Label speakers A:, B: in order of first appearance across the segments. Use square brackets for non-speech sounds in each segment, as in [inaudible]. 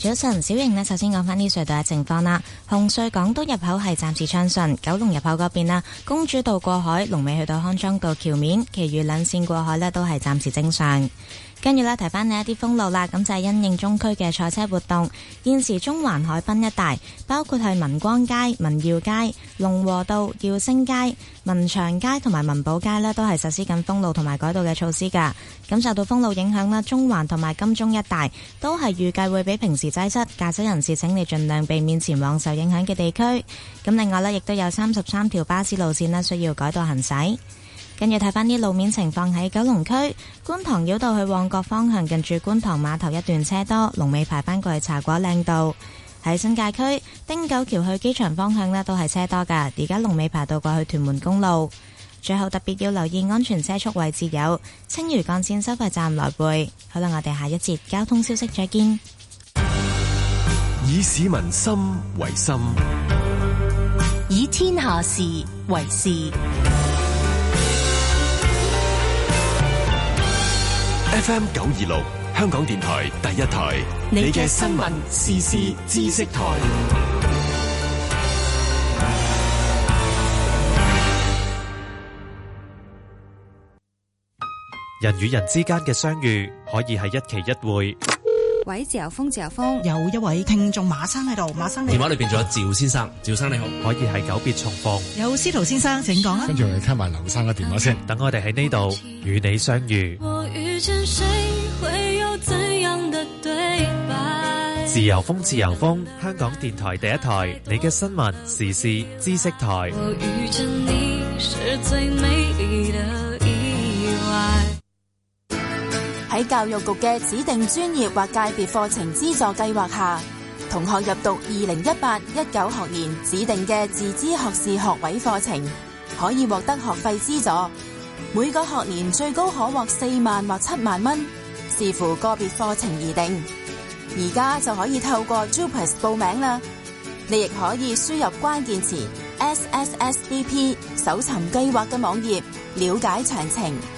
A: 早晨，小瑩呢，首先講返呢隧道嘅情況啦。紅隧港島入口係暫時暢順，九龍入口嗰邊啦，公主道過海、龍尾去到康莊道橋面，其餘兩線過海呢都係暫時正常。跟住咧，提翻你一啲封路啦。咁就係因應中區嘅賽車活動，現時中環海濱一帶，包括係民光街、民耀街、龍和道、耀星街、民祥街同埋民寶街呢，都係實施緊封路同埋改道嘅措施噶。咁受到封路影響啦，中環同埋金鐘一帶都係預計會比平時擠塞，駕駛人士請你儘量避免前往受影響嘅地區。咁另外呢，亦都有三十三條巴士路線呢需要改道行駛。跟住睇翻啲路面情況，喺九龍區觀塘繞道去旺角方向，近住觀塘碼頭一段車多，龍尾排翻過去茶果嶺道。喺新界區汀九橋去機場方向呢都係車多噶。而家龍尾排到過去屯門公路。最後特別要留意安全車速位置有青嶼幹線收費站來回。好啦，我哋下一節交通消息再見。
B: 以市民心為心，
A: 以天下事為事。
B: FM 九二六，香港電台第一台，
C: 你嘅新聞時事
B: 知識台。
C: 人與人之間嘅相遇，可以係一期一會。
D: 位自由風，自由風，有一位聽眾馬生喺度，馬生
B: 你好。電話裏邊仲
C: 有趙先生，趙生
E: 你好，可以係久別重逢。
D: 有司徒先生，請講。
B: 跟
E: 住我哋聽埋劉生嘅電話先。嗯，等我哋喺
C: 呢度與你相遇。自由風，自由風，香港電台第一台，你嘅新聞時事知識台。
A: 我喺教育局嘅指定專業或界別課程資助計劃下，同學入讀二零一八、一九學年指定嘅自資學士學位課程，可以獲得學費資助，每個學年最高可獲四萬或七萬蚊，視乎個別課程而定。而家就可以透過 JUPAS 報名啦。你亦可以輸入關鍵詞、SS、S S S D P 搜尋計劃嘅網頁，了解詳
C: 情。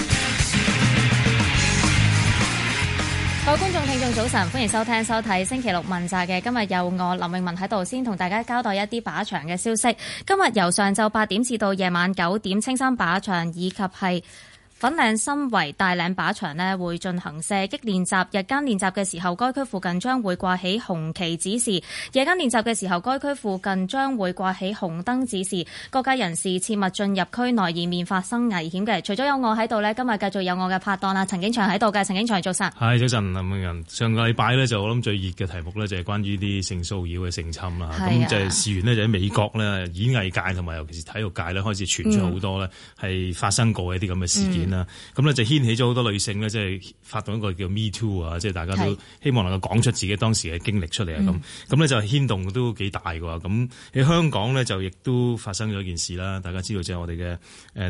D: 各位觀眾、聽眾，早晨，歡迎收聽、收睇星期六問責嘅。今日有我林詠雯喺度，先同大家交代一啲靶場嘅消息。今日由上晝八點至到夜晚九點，青山靶場以及係。粉嶺新圍大嶺靶，靶場咧會進行射擊練習，日間練習嘅時候，該區附近將會掛起紅旗指示；夜間練習嘅時候，該區附近將會掛起紅燈指示。各界人士切勿進入區內，以免發生危險嘅。除咗有我喺度呢，今日繼續有我嘅拍檔啦，陳景祥喺度嘅，陳景祥，景祥早
E: 晨。係早晨，林詠雯。上個禮拜呢，就我諗最熱嘅題目呢，就係關於啲性騷擾嘅性侵啦。咁就係事緣呢，就喺美國呢，演藝界同埋尤其是體育界呢，開始傳出好多呢，係發生過一啲咁嘅事件。嗯咁咧就掀起咗好多女性呢，即係發動一個叫 Me Too 啊，即係大家都希望能夠講出自己當時嘅經歷出嚟啊，咁咁呢就牽動都幾大噶。咁喺香港呢就亦都發生咗一件事啦，大家知道即係我哋嘅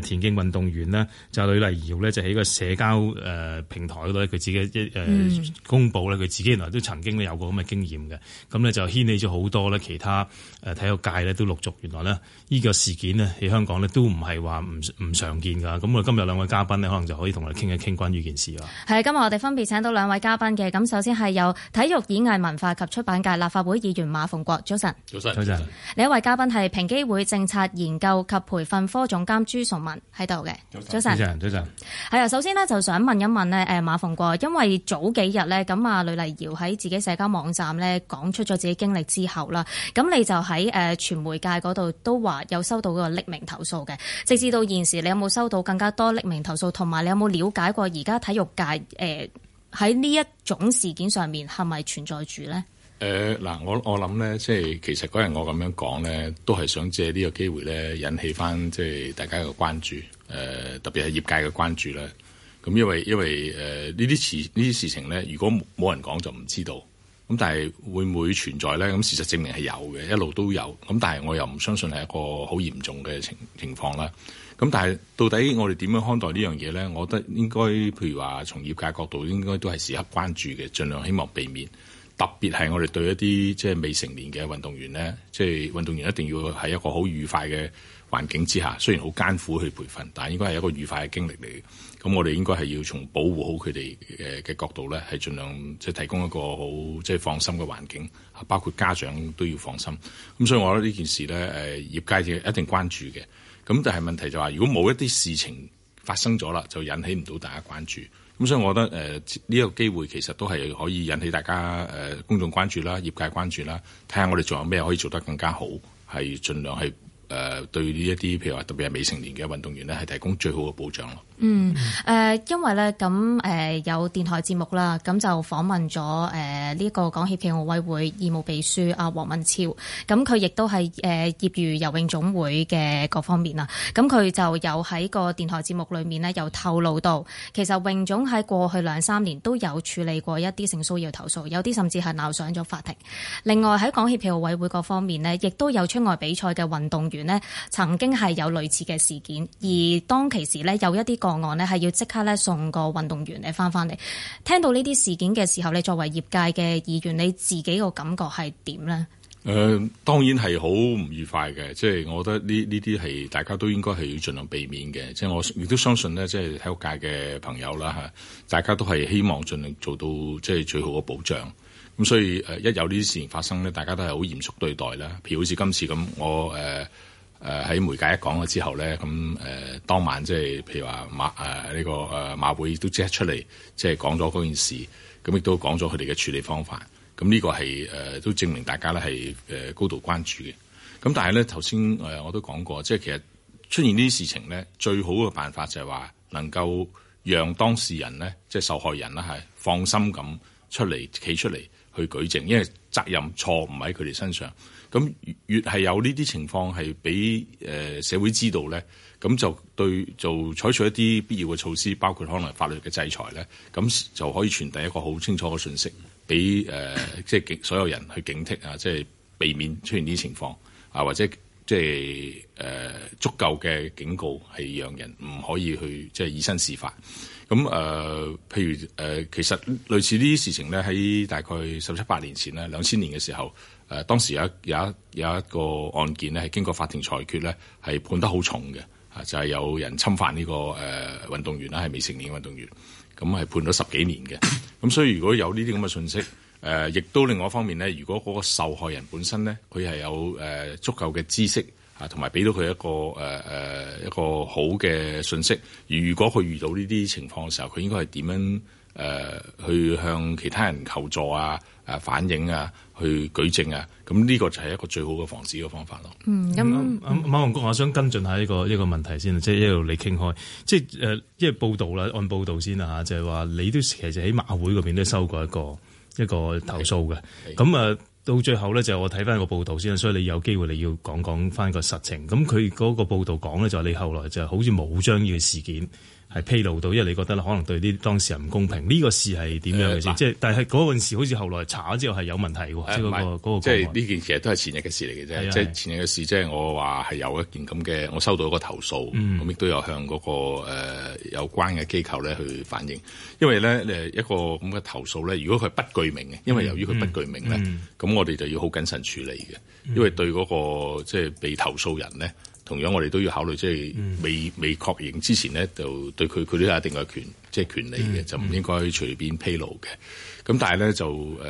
E: 誒田徑運動員呢就呂麗瑤呢，就喺個社交誒平台嗰度咧，佢自己一誒公布呢，佢、嗯、自己原來都曾經有過咁嘅經驗嘅，咁呢就掀起咗好多呢其他誒體育界呢都陸續原來呢呢個事件呢喺香港呢都唔係話唔唔常見噶，咁我今日兩位嘉賓。你可能就可以同我哋傾一傾關於呢件事
D: 啦。係，今日我哋分別請到兩位嘉賓嘅。咁首先係由體育、演藝、文化及出版界立法會議員馬逢國，早晨。
E: 早晨上，早晨上。
D: 另一位嘉賓係平機會政策研究及培訓科總監朱崇文喺度嘅。早晨，早晨上，早晨。係啊，首先呢，就想問一問呢，誒馬逢國，因為早幾日呢，咁啊，呂麗瑤喺自己社交網站呢講出咗自己經歷之後啦，咁你就喺誒傳媒界嗰度都話有收到嗰個匿名投訴嘅，直至到現時，你有冇收到更加多匿名投訴？同埋，還有你有冇了解過而家體育界？誒、呃，喺呢一種事件上面，係咪存在住咧？
F: 誒，嗱，我我諗咧，即係其實嗰日我咁樣講咧，都係想借這個機呢個機會咧，引起翻即係大家嘅關注。誒、呃，特別係業界嘅關注啦。咁因為因為誒呢啲事呢啲事情咧，如果冇人講就唔知道。咁但係會唔會存在咧？咁事實證明係有嘅，一路都有。咁但係我又唔相信係一個好嚴重嘅情情況啦。咁但係到底我哋點樣看待呢樣嘢咧？我覺得應該譬如話，從業界角度，應該都係時刻關注嘅，盡量希望避免。特別係我哋對一啲即係未成年嘅運動員咧，即係運動員一定要喺一個好愉快嘅環境之下，雖然好艱苦去培訓，但係應該係一個愉快嘅經歷嚟嘅。咁我哋應該係要從保護好佢哋嘅角度咧，係盡量即係提供一個好即係放心嘅環境，包括家長都要放心。咁所以我覺得呢件事咧，誒業界界一定關注嘅。咁但係問題就係，如果冇一啲事情發生咗啦，就引起唔到大家關注。咁所以，我覺得誒呢個機會其實都係可以引起大家誒公眾關注啦、業界關注啦，睇下我哋仲有咩可以做得更加好，係盡量係。誒、呃、對呢一啲，譬如話特別係未成年嘅運動員呢係提供最好嘅保障咯。
D: 嗯，誒、呃，因為呢咁誒有電台節目啦，咁、呃、就訪問咗誒呢個港協暨奧委會義務秘書阿黃文超，咁佢亦都係誒業餘游泳總會嘅各方面啦。咁、呃、佢就有喺個電台節目裏面呢又、呃、透露到其實泳總喺過去兩三年都有處理過一啲性騷擾投訴，有啲甚至係鬧上咗法庭。另外喺港協暨奧委會各方面呢，亦都有出外比賽嘅運動員。咧曾經係有類似嘅事件，而當其時呢，有一啲個案呢，係要即刻呢，送個運動員咧翻翻嚟。聽到呢啲事件嘅時候，你作為業界嘅議員，你自己個感覺係點呢？誒，
F: 當然係好唔愉快嘅，即係我覺得呢呢啲係大家都應該係要盡量避免嘅。即係我亦都相信呢，即係體育界嘅朋友啦嚇，大家都係希望盡量做到即係最好嘅保障。咁所以誒，一有呢啲事情發生呢，大家都係好嚴肅對待啦。譬如好似今次咁，我誒。呃誒喺媒介一講咗之後咧，咁誒當晚即係譬如話馬誒呢個誒馬會都即刻出嚟，即係講咗嗰件事，咁亦都講咗佢哋嘅處理方法。咁呢個係誒都證明大家咧係誒高度關注嘅。咁但係咧頭先誒我都講過，即係其實出現呢啲事情咧，最好嘅辦法就係話能夠讓當事人咧，即係受害人啦係放心咁出嚟企出嚟。去舉證，因為責任錯誤唔喺佢哋身上。咁越係有呢啲情況係俾、呃、社會知道咧，咁就對就採取一啲必要嘅措施，包括可能法律嘅制裁咧。咁就可以傳遞一個好清楚嘅信息，俾、呃、即係所有人去警惕啊，即係避免出現呢啲情況啊，或者即係、呃、足夠嘅警告係讓人唔可以去即係以身試法。咁誒、呃，譬如誒、呃，其實類似呢啲事情咧，喺大概十七八年前啦，兩千年嘅時候，誒、呃、當時有有有一個案件咧，係經過法庭裁決咧，係判得好重嘅，就係、是、有人侵犯呢、這個誒運動員啦，係未成年嘅運動員，咁係、嗯、判咗十幾年嘅。咁所以如果有呢啲咁嘅信息，誒、呃，亦都另外一方面咧，如果嗰個受害人本身咧，佢係有、呃、足夠嘅知識。啊，同埋俾到佢一個誒誒、呃、一個好嘅信息。如果佢遇到呢啲情況嘅時候，佢應該係點樣誒、呃、去向其他人求助啊？誒、啊、反映啊？去舉證啊？咁呢個就係一個最好嘅防止嘅方法咯。嗯，咁、嗯
E: 啊、馬逢國，我想跟進一下一、這個一、這個問題先，即、就、係、是、一路你傾開，即係誒，即、呃、係報道啦，按報道先啦就係、是、話你都其實喺馬會嗰邊都收過一個、嗯、一個投訴嘅，咁啊的。到最後呢，就我睇返個報道先，所以你有機會你要講講返個實情。咁佢嗰個報道講呢，就係你後來就係好似冇將呢個事件係披露到，因為你覺得咧，可能對啲當事人唔公平。呢、嗯、個事係點樣嘅先？呃、即係但係嗰件事，好似後來查咗之後係有問題喎。即係呢
F: 件事實都係前日嘅事嚟嘅啫。的即係前日嘅事，即係我話係有一件咁嘅，我收到一個投訴，咁亦、嗯、都有向嗰、那個、呃、有關嘅機構咧去反映。因為咧誒一個咁嘅投訴咧，如果佢係不具名嘅，因為由於佢不具名咧，咁、嗯嗯、我哋就要好謹慎處理嘅，嗯、因為對嗰、那個即係被投訴人咧。同樣，我哋都要考慮，即係未未確認之前咧，就對佢佢都有一定嘅權，即係權利嘅，就唔應該隨便披露嘅。咁但係咧，就誒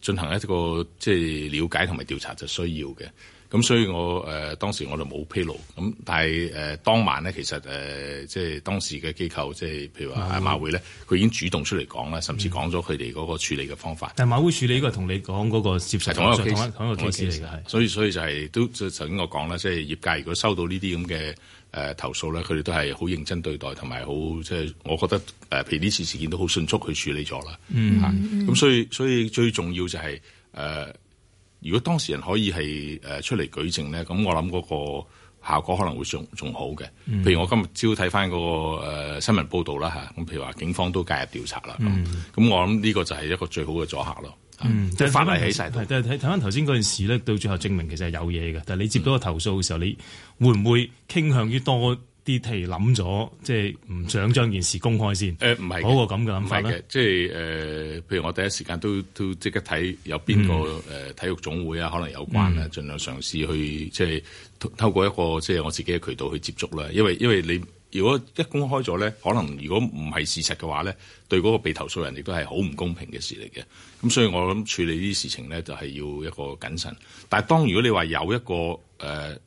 F: 進行一個即係了解同埋調查就需要嘅。咁所以我，我、呃、誒當時我就冇披露。咁但係誒、呃、當晚咧，其實誒、呃、即係當時嘅機構，即係譬如話阿馬會咧，佢已經主動出嚟講啦，甚至講咗佢哋嗰個處理嘅方法。
E: 但係馬會處理呢、這個同是你講嗰個涉事係同一個公司嚟嘅，
F: 所以所以就係、是、都就就應講啦，即係業界如果收到呢啲咁嘅誒投訴咧，佢哋都係好認真對待，同埋好即係我覺得誒、呃，譬如呢次事件都好迅速去處理咗啦。嗯，咁是、嗯、所以所以最重要就係、是呃如果當事人可以係出嚟舉證咧，咁我諗嗰個效果可能會仲仲好嘅。譬如我今日朝睇翻嗰個新聞報道啦吓，咁譬如話警方都介入調查啦。咁我諗呢個就係一個最好嘅阻嚇咯。嗯，
E: 發埋喺曬度。係、嗯，但係睇睇翻頭先嗰件事咧，到最後證明其實係有嘢嘅。但係你接到個投訴嘅時候，嗯、你會唔會傾向於多？啲題諗咗，即係唔想將件事公開先。誒、呃，唔係嗰個咁嘅諗法咧。即
F: 係誒、呃，譬如我第一時間都都即刻睇有邊個誒體育總會啊，嗯、可能有關啊，儘量嘗試去即係透過一個即係我自己嘅渠道去接觸啦。因為因為你如果一公開咗咧，可能如果唔係事實嘅話咧，對嗰個被投訴人亦都係好唔公平嘅事嚟嘅。咁所以我諗處理呢啲事情咧，就係要一個謹慎。但係當如果你話有一個誒，呃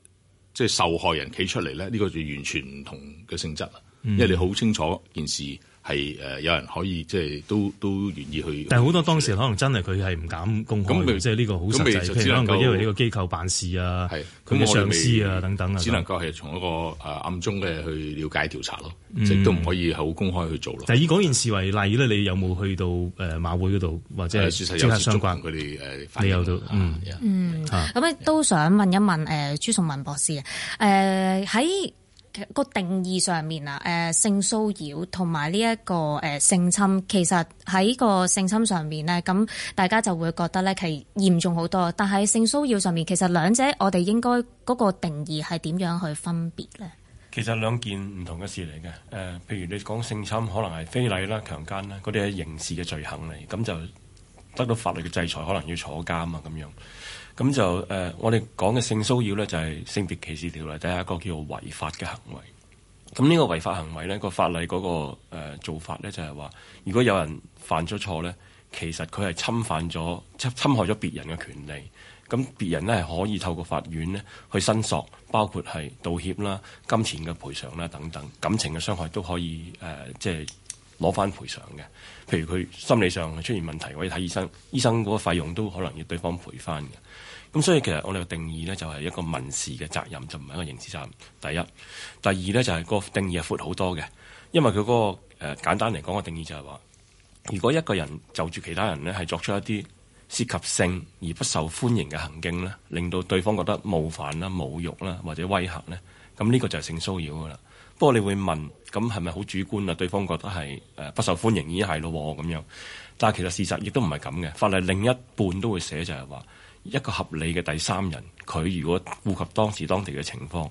F: 即係受害人企出嚟咧，呢個就完全唔同嘅性質啦，因為你好清楚件事。係誒，有人可以即係都都願意去。但係好
E: 多當時可能真係佢係唔敢公開，即係呢個好實際。只能夠因為呢
F: 個機構辦事啊，
E: 佢嘅上司啊等等啊，只能夠
F: 係從一個誒暗中嘅去了解調查咯，即都唔可以好公開去做咯。
E: 就以嗰件事為例咧，你有冇去到誒馬會嗰度，或者係息息相關
F: 佢哋誒？你有到嗯
D: 嗯咁都想問一問誒朱崇文博士誒喺個定義上面啊，誒性騷擾同埋呢一個誒性侵，其實喺個性侵上面呢，咁大家就會覺得呢係嚴重好多。但係性騷擾上面，其實兩者我哋應該嗰個定義係點樣去分別呢？
B: 其實兩件唔同嘅事嚟嘅，誒，譬如你講性侵，可能係非禮啦、強姦啦，嗰啲係刑事嘅罪行嚟，咁就得到法律嘅制裁，可能要坐監啊咁樣。咁就誒、呃，我哋講嘅性騷擾呢，就係、是、性別歧視條例第一個叫做違法嘅行為。咁呢個違法行為呢，那個法例嗰、那個、呃、做法呢，就係、是、話，如果有人犯咗錯呢，其實佢係侵犯咗侵侵害咗別人嘅權利。咁別人呢，係可以透過法院呢去申索，包括係道歉啦、金錢嘅賠償啦等等，感情嘅傷害都可以即係攞翻賠償嘅。譬如佢心理上出現問題，或者睇醫生，醫生嗰個費用都可能要對方賠翻嘅。咁所以其實我哋嘅定義咧，就係一個民事嘅責任，就唔係一個刑事責任。第一，第二咧就係個定義係闊好多嘅，因為佢嗰、嗰個誒、呃、簡單嚟講個定義就係話，如果一個人就住其他人咧，係作出一啲涉及性而不受歡迎嘅行徑咧，令到對方覺得冒犯啦、侮辱啦或者威嚇咧，咁呢個就係性騷擾噶啦。不過你會問，咁係咪好主觀啊？對方覺得係、呃、不受歡迎已經係咯咁樣，但係其實事實亦都唔係咁嘅。法例另一半都會寫就係話。一個合理嘅第三人，佢如果顧及當時當地嘅情況，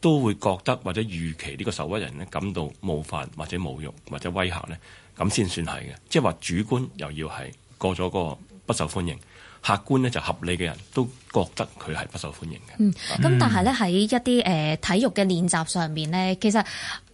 B: 都會覺得或者預期呢個受屈人呢感到冒犯或者侮辱或者威嚇呢，咁先算係嘅，即係話主觀又要係過咗個不受歡迎，客觀呢就合理嘅人都覺得佢係不受歡迎
D: 嘅。嗯，咁、嗯、但係呢，喺一啲誒體育嘅練習上面呢，其實。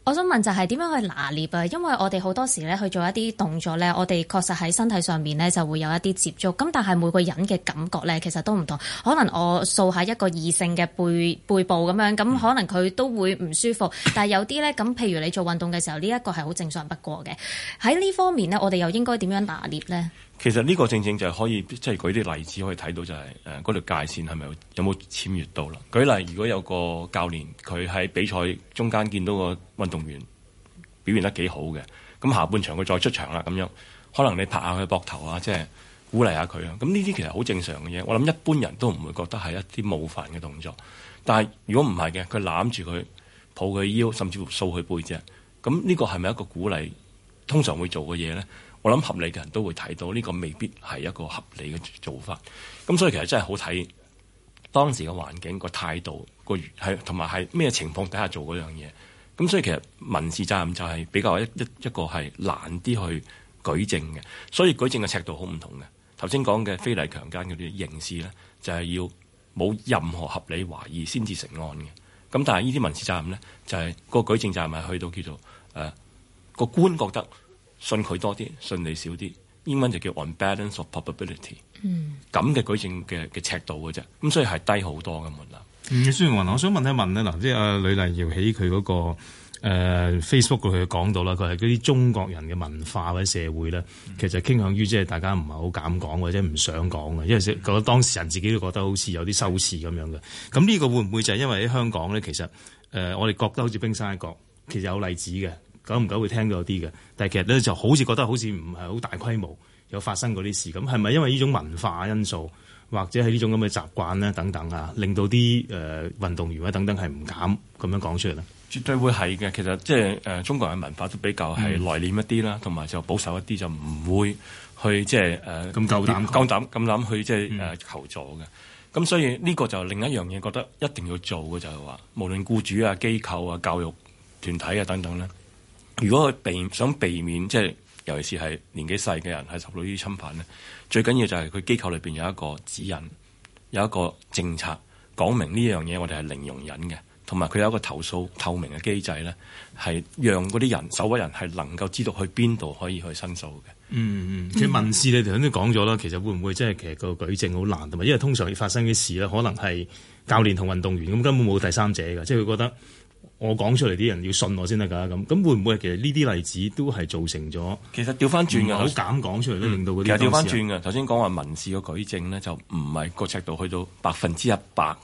D: 我想問就係點樣去拿捏啊？因為我哋好多時咧去做一啲動作咧，我哋確實喺身體上面咧就會有一啲接觸。咁但係每個人嘅感覺咧，其實都唔同。可能我掃一下一個異性嘅背背部咁樣，咁可能佢都會唔舒服。但有啲咧，咁譬如你做運動嘅時候，呢一個係好正常不過嘅。喺呢方面咧，我哋又應該點樣拿捏咧？
B: 其實呢個正正就係可以，即係舉啲例子可以睇到，就係誒嗰條界線係咪有冇踰越到啦？舉例，如果有個教練佢喺比賽中間見到個運動員表現得幾好嘅，咁下半場佢再出場啦，咁樣可能你拍下佢膊頭啊，即係鼓勵下佢啊，咁呢啲其實好正常嘅嘢。我諗一般人都唔會覺得係一啲冒犯嘅動作。但係如果唔係嘅，佢攬住佢抱佢腰，甚至乎掃佢背脊，咁呢個係咪一個鼓勵？通常會做嘅嘢咧？我諗合理嘅人都會睇到呢、呢個未必係一個合理嘅做法，咁所以其實真係好睇當時嘅環境、個態度、個係同埋係咩情況底下做嗰樣嘢，咁所以其實民事責任就係比較一一一,一,一個係難啲去舉證嘅，所以舉證嘅尺度好唔同嘅。頭先講嘅非禮強姦嗰啲刑事咧，就係、是、要冇任何合理懷疑先至成案嘅，咁但係呢啲民事責任咧，就係、是、個舉證責任係去到叫做誒個官覺得。信佢多啲，信你少啲。英文就叫 on balance of probability 嗯。嗯，咁嘅舉證嘅嘅尺度嘅啫。咁所以係低好多嘅門
E: 檻。嗯，孫、嗯嗯、我想問一問咧，嗱、呃，即係阿呂麗瑤喺佢嗰個 Facebook 嗰度講到啦，佢係嗰啲中國人嘅文化或者社會咧，嗯、其實傾向於即係大家唔係好敢講或者唔想講嘅，因為覺得當事人自己都覺得好似有啲羞恥咁樣嘅。咁呢、嗯、個會唔會就係因為喺香港咧？其實誒、呃，我哋覺得好似冰山一角，其實有例子嘅。久唔久會聽到啲嘅，但其實咧就好似覺得好似唔係好大規模有發生過啲事咁，係咪因為呢種文化因素，或者係呢種咁嘅習慣咧等等啊，令到啲誒、呃、運動員啊等等係唔敢咁樣講出嚟咧？絕對會係嘅。其實即、就、係、是呃、中國人嘅文化
B: 都比較係內斂一啲啦，同埋、嗯、就保守一啲，就唔會去即係誒咁夠膽、敢、呃、膽咁膽諗去即係、呃嗯、求助嘅。咁所以呢個就另一樣嘢，覺得一定要做嘅就係、是、話，無論僱主啊、機構啊、教育團體啊等等咧。如果佢避想避免，即係尤其是係年紀細嘅人係受到呢啲侵犯咧，最緊要就係佢機構裏邊有一個指引，有一個政策講明呢樣嘢，我哋係零容忍嘅，同埋佢有一個投訴透明嘅機制咧，係讓嗰啲人守
E: 衛人係能夠知道去邊度可以去申訴嘅、嗯。嗯嗯，佢民事你哋肯定講咗啦，其實會唔會即係其實個舉證好難，同埋因為通常要發生嘅事咧，可能係教練同運動員咁根本冇第三者㗎，即係佢覺得。我講出嚟啲人要信我先得㗎，咁咁會唔會其實呢啲例子都係造成咗？其實掉翻轉嘅，好減講出嚟都令到嗰啲人。其實掉翻轉
B: 嘅，頭先講話民事嘅舉證呢，就唔係個尺度去到百分之一百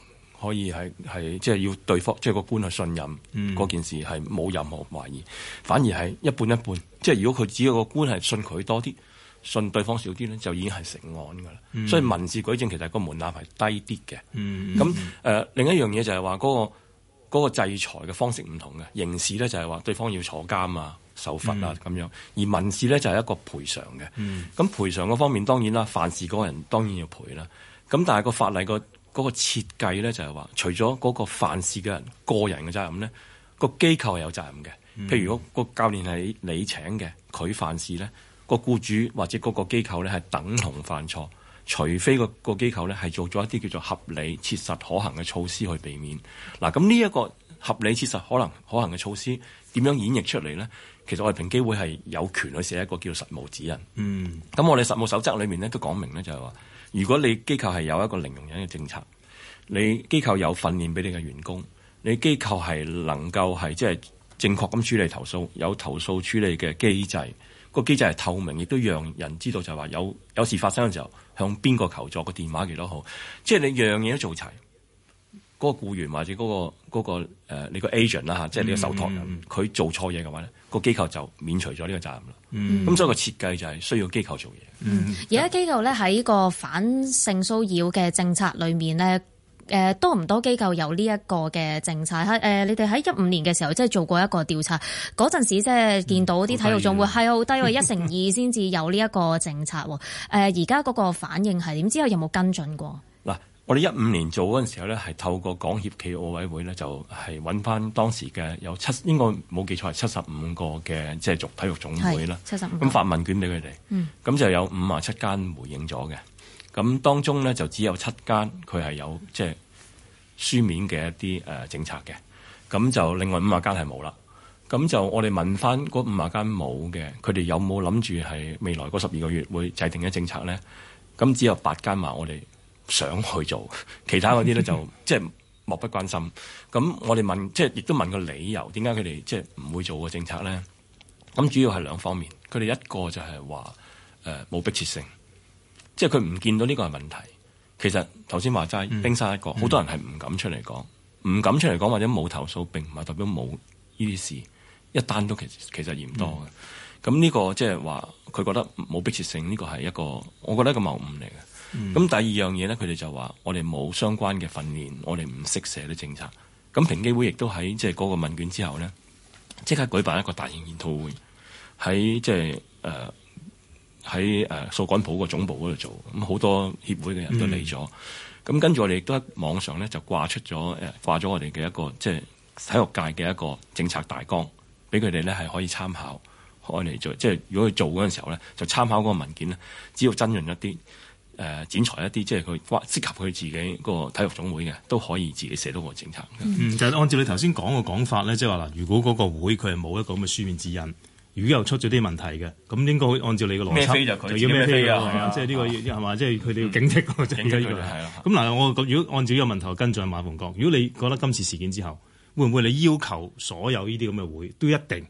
B: 可以係即係要對方即係、就是、個官係信任嗰、嗯、件事係冇任何懷疑，反而係一半一半。即、就、係、是、如果佢只有個官係信佢多啲，信對方少啲呢，就已經係成案㗎啦。嗯、所以民事舉證其實個門檻係低啲嘅。咁誒另一樣嘢就係話嗰個。嗰個制裁嘅方式唔同嘅，刑事咧就係話對方要坐監啊、受罰啊咁樣，嗯、而民事咧就係一個賠償嘅。咁、嗯、賠償嗰方面當然啦，犯事個人當然要賠啦。咁但係個法例個嗰個設計咧就係話，除咗嗰個犯事嘅人個人嘅責任咧，個機構係有責任嘅。譬如個教練係你請嘅，佢犯事咧，個僱主或者嗰個機構咧係等同犯錯。除非個個機構咧係做咗一啲叫做合理、切實可行嘅措施去避免嗱。咁呢一個合理、切實可能可行嘅措施點樣演繹出嚟呢？其實我哋平機會係有權去寫一個叫做實務指引。嗯，咁我哋實務守則裏面咧都講明呢，明就係話如果你機構係有一個零容忍嘅政策，你機構有訓練俾你嘅員工，你機構係能夠係即係正確咁處理投訴，有投訴處理嘅機制，個機制係透明，亦都讓人知道就係話有有事發生嘅時候。向邊個求助個電話幾多號？即係你樣樣嘢都做齊，嗰、嗰個僱員或者嗰、嗰個、嗰個嗰個、ent, 你個 agent 啦嚇即係你個手託人，佢、mm hmm. 做錯嘢嘅話咧，個機構就免除咗呢個責任啦。咁、mm hmm. 所以個設計就係需要機構做嘢。而家、mm
D: hmm. 機構咧喺個反性騷擾嘅政策裏面咧。誒，多唔多機構有呢一個嘅政策？喺、呃、誒，你哋喺一五年嘅時候即係做過一個調查，嗰陣時即係見到啲體育總會係好低位，一 [laughs] 成二先至有呢一個政策。誒、呃，而家嗰個反應係點？之後有冇跟進過？
B: 嗱，我哋一五年做嗰陣時候咧，係透過港協暨奧委會咧，就係搵翻當時嘅有七，應該冇記錯係七十五個嘅即係做體育總會啦。七十五咁發問卷俾佢哋，咁就有五啊七間回應咗嘅。咁當中咧就只有七間佢係有即係、就是、書面嘅一啲、呃、政策嘅，咁就另外五十間係冇啦。咁就我哋問翻嗰五十間冇嘅，佢哋有冇諗住係未來嗰十二個月會制定嘅政策咧？咁只有八間話，我哋想去做，其他嗰啲咧就即係漠不關心。咁我哋問即係亦都問個理由，點解佢哋即係唔會做個政策咧？咁主要係兩方面，佢哋一個就係話冇迫切性。即係佢唔見到呢個係問題，其實頭先話齋冰山一角，好多人係唔敢出嚟講，唔、嗯、敢出嚟講或者冇投訴，並唔係代表冇呢啲事，一單都其實其實嫌多嘅。咁呢、嗯、個即係話佢覺得冇迫切性，呢、這個係一個我覺得一個謬誤嚟嘅。咁、嗯、第二樣嘢咧，佢哋就話我哋冇相關嘅訓練，我哋唔識寫啲政策。咁平機會亦都喺即係嗰個問卷之後咧，即刻舉辦一個大型研討會喺即係誒。喺誒掃管普個總部嗰度做，咁、嗯、好多協會嘅人都嚟咗。咁跟住我哋亦都喺網上咧就掛出咗誒掛咗我哋嘅一個即係體育界嘅一個政策大綱，俾佢哋咧係可以參考，按嚟做。即係如果佢做嗰陣時候咧，就參考嗰個文件咧，只要增潤一啲誒、
E: 呃、剪裁一啲，即係佢關適合佢自己個體育總會嘅，都可以自己寫到個政策。嗯，嗯就係按照你頭先講嘅講法咧，即係話嗱，如果嗰個會佢係冇一個咁嘅書面指引，如果又出咗啲問題嘅，咁應該會按照你嘅邏輯，就，自己自己就要咩飛啊？係啊，即係呢個要係嘛，即係佢哋要警惕嗰陣嘅。係啊、嗯。咁嗱、這個，就是、我如果按照呢個問題跟進馬逢國，如果你覺得今次事件之後，會唔會你要求所有呢啲咁嘅會，都一定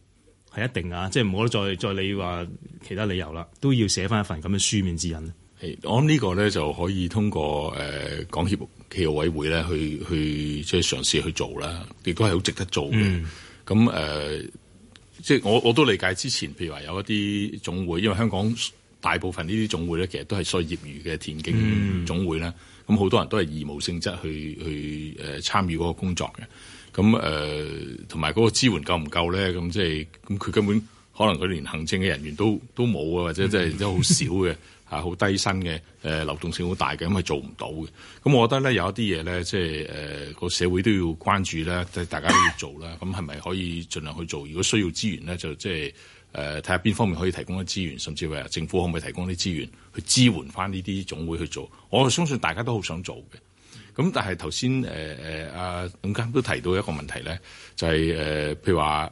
E: 係一定啊？即係唔好再再你話其他理由啦，
F: 都要寫翻一份咁嘅書面指引。係，我諗呢個咧就可以通過誒、呃、港協暨奧委會咧去去即係嘗試去做啦，亦都係好值得做嘅。咁誒、嗯。即係我我都理解之前，譬如話有一啲總會，因為香港大部分呢啲總會咧，其實都係屬於業餘嘅田徑總會啦。咁好、嗯、多人都係義務性質去去誒參與嗰個工作嘅。咁誒同埋嗰個支援夠唔夠咧？咁即係咁佢根本可能佢連行政嘅人員都都冇啊，或者即係都好少嘅。嗯 [laughs] 嚇好、啊、低薪嘅，誒、呃、流動性好大嘅，咁係做唔到嘅。咁我覺得咧有一啲嘢咧，即係誒個社會都要關注啦，即係大家都要做啦。咁係咪可以盡量去做？如果需要資源咧，就即係誒睇下邊方面可以提供啲資源，甚至話政府可唔可以提供啲資源去支援返呢啲總會去做？我相信大家都好想做嘅。咁但係頭先誒誒朱總監都提到一個問題咧，就係、是、誒、呃、譬如話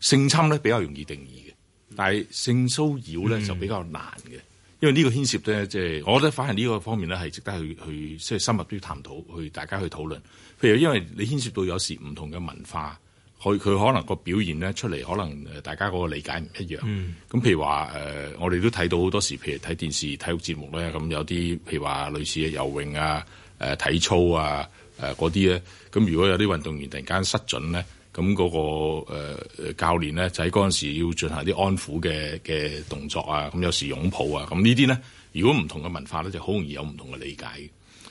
F: 性侵咧比較容易定義嘅，但係性騷擾咧就比較難嘅。嗯嗯。因為呢個牽涉咧，即係我覺得反而呢個方面咧係值得去去即係深入啲探討，去大家去討論。譬如因為你牽涉到有時唔同嘅文化，佢佢可能個表現咧出嚟，可能大家嗰個理解唔一樣。咁、嗯、譬如話誒，我哋都睇到好多時，譬如睇電視體育節目咧，咁有啲譬如話類似嘅游泳啊、誒、呃、體操啊、嗰啲咧，咁如果有啲運動員突然間失準咧。咁嗰個、呃、教練咧，就喺嗰陣時要進行啲安撫嘅嘅動作啊，咁有時擁抱啊，咁呢啲咧，如果唔同嘅文化咧，就好容易有唔同嘅理解。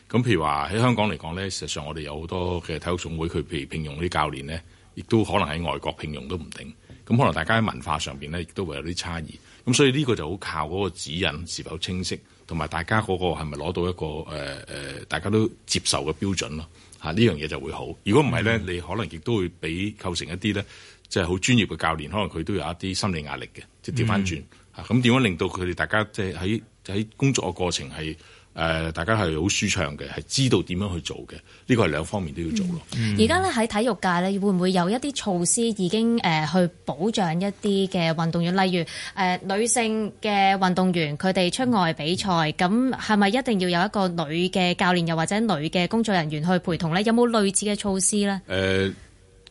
F: 咁譬如話喺香港嚟講咧，事實上我哋有好多嘅體育總會，佢譬如聘用啲教練咧，亦都可能喺外國聘用都唔定。咁可能大家喺文化上面咧，亦都會有啲差異。咁所以呢個就好靠嗰個指引是否清晰，同埋大家嗰個係咪攞到一個、呃、大家都接受嘅標準咯。吓，呢、啊、樣嘢就會好，如果唔係咧，嗯、你可能亦都會俾構成一啲咧，即係好專業嘅教練，可能佢都有一啲心理壓力嘅，即係調翻轉吓。咁點樣令到佢哋大家即係喺喺工作嘅過程係？呃、大家係好舒暢嘅，係知道點樣去做嘅。呢個係兩方面都要做咯。
D: 而家咧喺體育界咧，會唔會有一啲措施已經去保障一啲嘅運動員？例如、呃、女性嘅運動員，佢哋出外比賽，咁係咪一定要有一個女嘅教練，又或者女嘅工作人員去陪同呢？有冇類似嘅措施呢？呃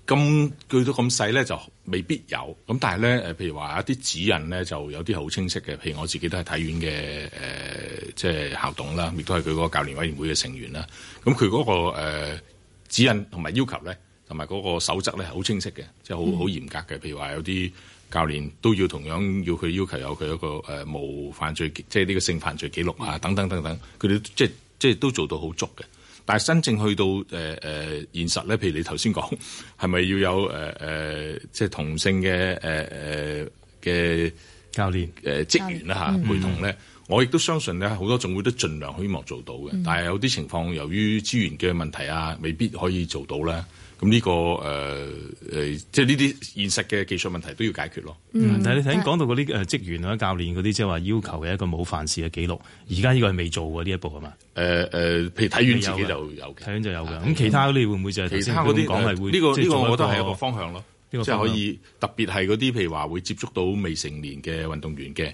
F: 咁佢都咁細咧，就未必有。咁但係咧，譬如話一啲指引咧，就有啲好清晰嘅。譬如我自己都係體院嘅誒，即係校董啦，亦都係佢個教練委員會嘅成員啦。咁佢嗰個指引同埋要求咧，同埋嗰個守則咧，係好清晰嘅，即係好好嚴格嘅。譬如話有啲教練都要同樣要佢要求有佢一個誒、呃、無犯罪，即係呢個性犯罪記錄啊，等等等等。佢哋即係即係都做到好足嘅。但係真正去到誒誒、呃呃、現實咧，譬如你頭先講，係咪要有誒誒、呃呃、即係同性嘅誒誒嘅教練誒職員啦嚇陪同咧？嗯、我亦都相信咧，好多總會都盡量希望做到嘅，但係有啲情況由於資源嘅問題啊，未必可以做到咧。咁呢個誒即係呢啲現實嘅技術問題都要解決
E: 咯。嗯，但係你頭先講到嗰啲誒職員啊、教練嗰啲，即係話要求嘅一個冇犯事嘅記錄，而家
F: 呢個係未做嘅呢一步係嘛？誒譬如體院自己就
E: 有，嘅，體院就有嘅。咁其他你會唔會就係其他嗰啲講係會？呢個呢個我覺得係一個方向咯。
F: 即係可以特別係嗰啲譬如話會接觸到未成年嘅運動員嘅，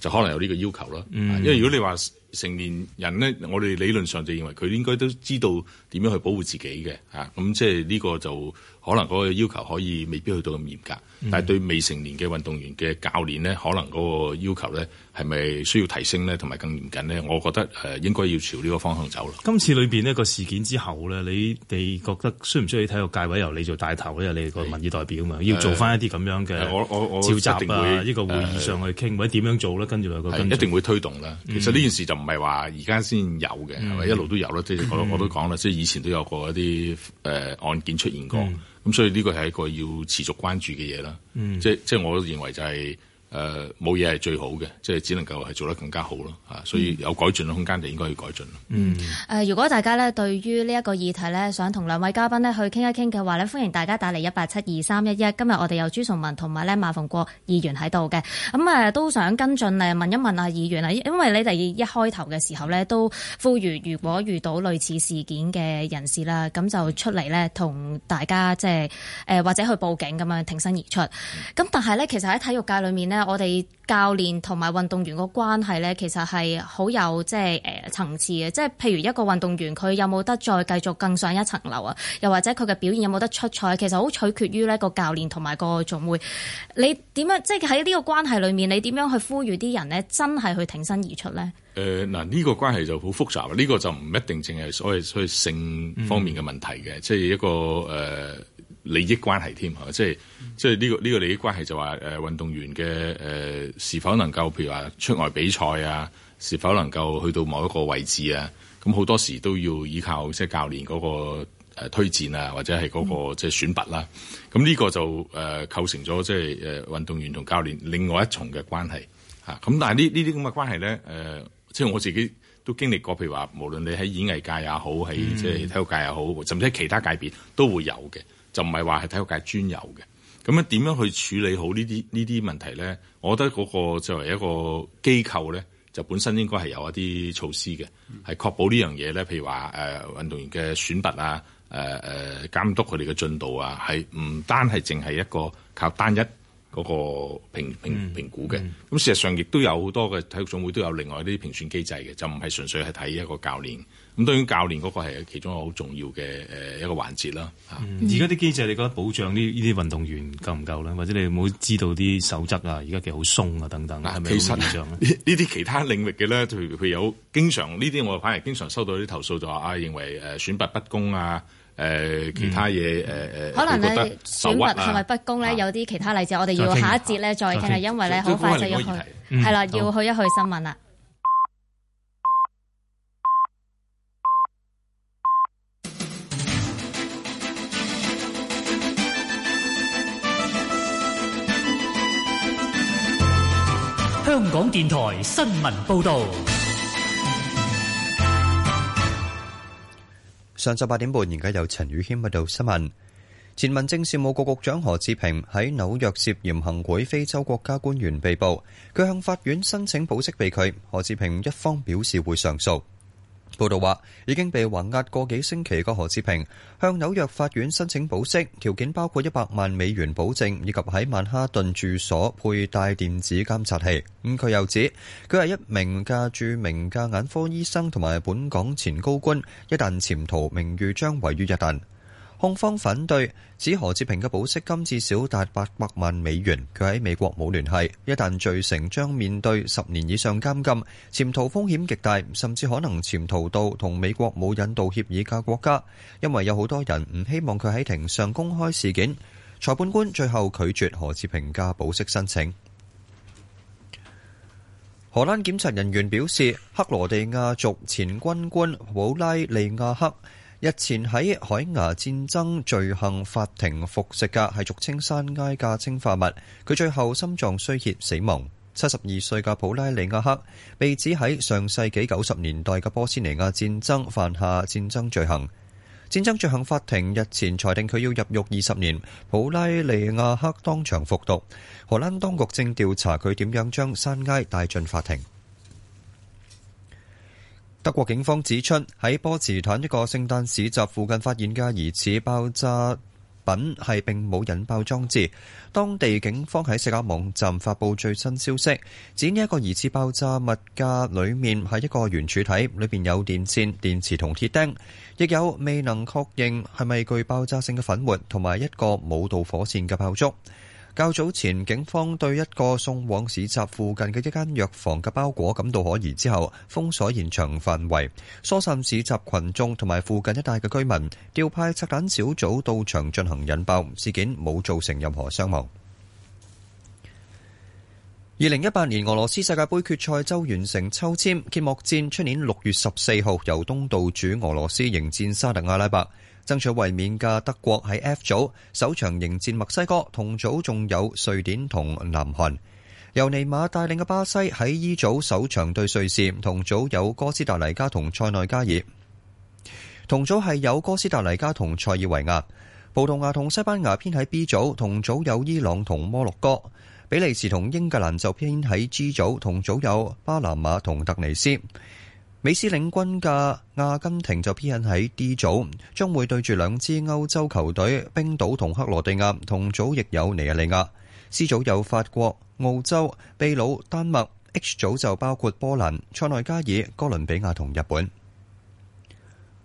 F: 就可能有呢個要求囉。因為如果你話。成年人咧，我哋理論上就認為佢應該都知道點樣去保護自己嘅嚇，咁即係呢個就。可能嗰個要求可以未必去到咁嚴格，但係對未成年嘅運動員嘅教練呢，可能嗰個要求呢，係咪需要提升呢？同埋更嚴謹呢？我覺得誒、呃、應該要朝呢個方向走。
E: 今次裏面呢、嗰個事件之後呢，你你覺得需唔需要喺體育界位由你做帶頭，因為你個民意代表嘛，要做翻一啲咁樣嘅召集啊！呢個、啊會，啊、會議上去傾，啊、或者點樣做呢？跟住嚟個跟。係一定會
F: 推動啦。其實呢件事就唔係話而家先有嘅，係咪、嗯、一路都有啦，即係我都講啦，即係、嗯、以前都有過一啲案件出現過。嗯咁所以呢個係一個要持續關注嘅嘢啦，嗯，即係即係，我認為就係、是。誒冇嘢係最好嘅，即係只能夠係做得更加好咯嚇，所以有改進嘅空間就應該要改進。嗯，誒、
D: 呃、如果大家呢，對於呢一個議題呢，想同兩位嘉賓呢去傾一傾嘅話呢，歡迎大家打嚟一八七二三一一。今日我哋有朱崇文同埋呢馬逢國議員喺度嘅，咁、嗯、啊、呃、都想跟進誒問一問啊議員啊，因為你哋一開頭嘅時候呢，都呼籲，如果遇到類似事件嘅人士啦，咁就出嚟呢，同大家即係誒或者去報警咁樣挺身而出。咁、嗯、但係呢，其實喺體育界裏面呢。我哋教練同埋運動員個關係咧，其實係好有即係誒層次嘅，即係譬如一個運動員佢有冇得再繼續更上一層樓啊？又或者佢嘅表現有冇得出賽？其實好取決於呢個教練同埋個總會。你點樣即係喺呢個關係裏面，你點樣去呼籲啲人咧，真係去挺身而出咧？誒、
F: 呃、嗱、這、呢個關係就好複雜，呢、這個就唔一定淨係所謂所謂性方面嘅問題嘅，嗯、即係一個誒。呃利益關係添，即係即係呢個呢、呢個利益關係就話誒運動員嘅誒、呃、是否能夠譬如話出外比賽啊，是否能夠去到某一個位置啊？咁好多時都要依靠即係教練嗰個誒推薦啊，或者係嗰個即係選拔啦。咁呢、嗯、個就誒、呃、構成咗即係誒運動員同教練另外一重嘅關係嚇。咁、啊、但這些這些關係呢，呢啲咁嘅關係咧誒，即、呃、係、就是、我自己都經歷過。譬如話，無論你喺演藝界也好，喺、嗯、即係體育界又好，甚至係其他界別都會有嘅。就唔係話係體育界專有嘅，咁樣點樣去處理好呢啲呢啲問題咧？我覺得嗰個作為一個機構咧，就本身應該係有一啲措施嘅，係確保呢樣嘢咧。譬如話誒、呃、運動員嘅選拔啊，誒、呃、誒監督佢哋嘅進度啊，係唔單係淨係一個靠單一嗰個評、嗯、評估嘅。咁、嗯、事實上亦都有好多嘅體育總會都有另外啲評選機制嘅，就唔係純粹係睇一個教練。咁當然教練嗰個係其中一個好重要嘅一個環節啦。而家啲機制你覺得保障呢呢啲運動員夠唔夠呢？或者你有冇知道啲
E: 守則啊？而家幾好鬆啊，等等。其實
F: 呢啲其他領域嘅咧，譬如佢有經常呢啲，我反而經常收到啲投訴，就話啊，認為誒選拔不公啊，其他嘢誒可能咧選拔同埋
D: 不公咧？有啲其他例子，啊、我哋要下一節咧再傾聽，再聽因為呢，好快就要去，係啦、嗯，要去一去新聞啦。
C: 香港電台新聞報道：上晝八點半，而家由陳宇謙報道新聞。前民政事務局局長何志平喺紐約涉嫌行賄非洲國家官員被捕，佢向法院申請保釋，被拒。何志平一方表示會上訴。報道話，已經被還押過幾星期嘅何志平向紐約法院申請保釋，條件包括一百萬美元保證以及喺曼哈頓住所佩戴電子監察器。咁佢又指，佢係一名嘅著名嘅眼科醫生同埋本港前高官，一旦潛逃，名譽將毀於一旦。控方反對指何志平嘅保釋金至少達八百萬美元，佢喺美國冇聯繫，一旦罪成將面對十年以上監禁，潛逃風險極大，甚至可能潛逃到同美國冇引渡協議嘅國家，因為有好多人唔希望佢喺庭上公開事件。裁判官最後拒絕何志平嘅保釋申請。荷蘭檢察人員表示，克羅地亞族前軍官普拉利亞克，日前喺海牙戰爭罪行法庭服食嘅係俗稱山埃嘅氰化物，佢最後心臟衰竭死亡。七十二歲嘅普拉利亞克被指喺上世紀九十年代嘅波斯尼亞戰爭犯下戰爭罪行。戰爭罪行法庭日前裁定佢要入獄二十年，普拉利亞克當場服毒。荷蘭當局正調查佢點樣將山埃帶進法庭。德國警方指出，喺波茨坦一個聖誕市集附近發現嘅疑似爆炸品係並冇引爆裝置。當地警方喺社交網站發佈最新消息，指呢一個疑似爆炸物架裏面係一個圓柱體，裏邊有電線、電池同鐵釘，亦有未能確認係咪具爆炸性嘅粉末，同埋一個冇導火線嘅爆竹。較早前，警方對一個送往市集附近嘅一間藥房嘅包裹感到可疑，之後封鎖現場範圍，疏散市集群眾同埋附近一帶嘅居民，調派拆彈小組到場進行引爆。事件冇造成任何傷亡。二零一八年俄羅斯世界杯決賽周完成抽籤，揭幕戰出年六月十四號由東道主俄羅斯迎戰沙特阿拉伯。爭取衛冕嘅德國喺 F 組首場迎戰墨西哥，同組仲有瑞典同南韓。由尼馬帶領嘅巴西喺 E 組首場對瑞士，同組有哥斯達黎加同塞內加爾。同組係有哥斯達黎加同塞爾維亞。葡萄牙同西班牙偏喺 B 組，同組有伊朗同摩洛哥。比利時同英格蘭就偏喺 G 組，同組有巴拿馬同突尼斯。美斯領軍嘅阿根廷就偏喺 D 組，將會對住兩支歐洲球隊冰島同克羅地亞。同組亦有尼日利亞。C 組有法國、澳洲、秘魯、丹麥。H 組就包括波蘭、塞內加爾、哥倫比亞同日本。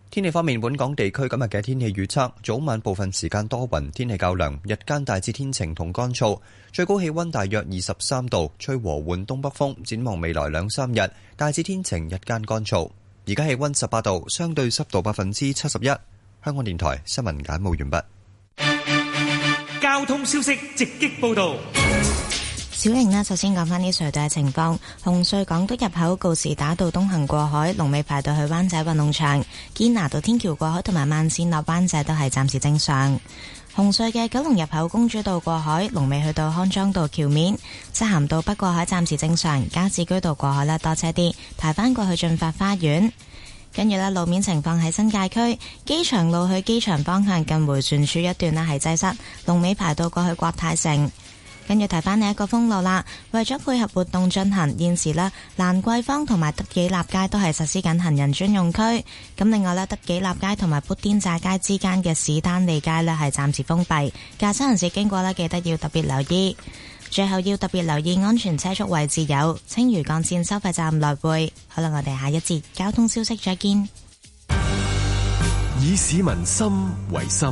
C: 天氣方面，本港地區今日嘅天氣預測：早晚部分時間多雲，天氣較涼；日間大致天晴同乾燥，最高氣溫大約二十三度，吹和緩東北風。展望未來兩三日，大致天晴，日間乾燥。而家氣溫十八度，相對濕度百分之七十一。香港電台新聞簡報完畢。交通消息直擊報道。
A: 小玲呢，首先講返啲隧道嘅情況。紅隧港島入口告士打道東行過海，龍尾排到去灣仔運動場；堅拿道天橋過海同埋慢線落灣仔都係暫時正常。紅隧嘅九龍入口公主道過海，龍尾去到康莊道橋面，漆咸道北過海暫時正常。加士居道過海啦，多車啲，排返過去駿發花園。跟住呢路面情況喺新界區機場路去機場方向近回旋處一段啦，係擠塞，龍尾排到過去國泰城。跟住提翻呢一個封路啦，為咗配合活動進行，現時呢，蘭桂坊同埋德己立街都係實施緊行人專用區。咁另外呢，德己立街同埋砵甸乍街之間嘅史丹利街呢，係暫時封閉，駕車人士經過呢，記得要特別留意。最後要特別留意安全車速位置有青嶼幹線收費站來回。好啦，我哋下一節交通消息再見。
E: 以市民心為心。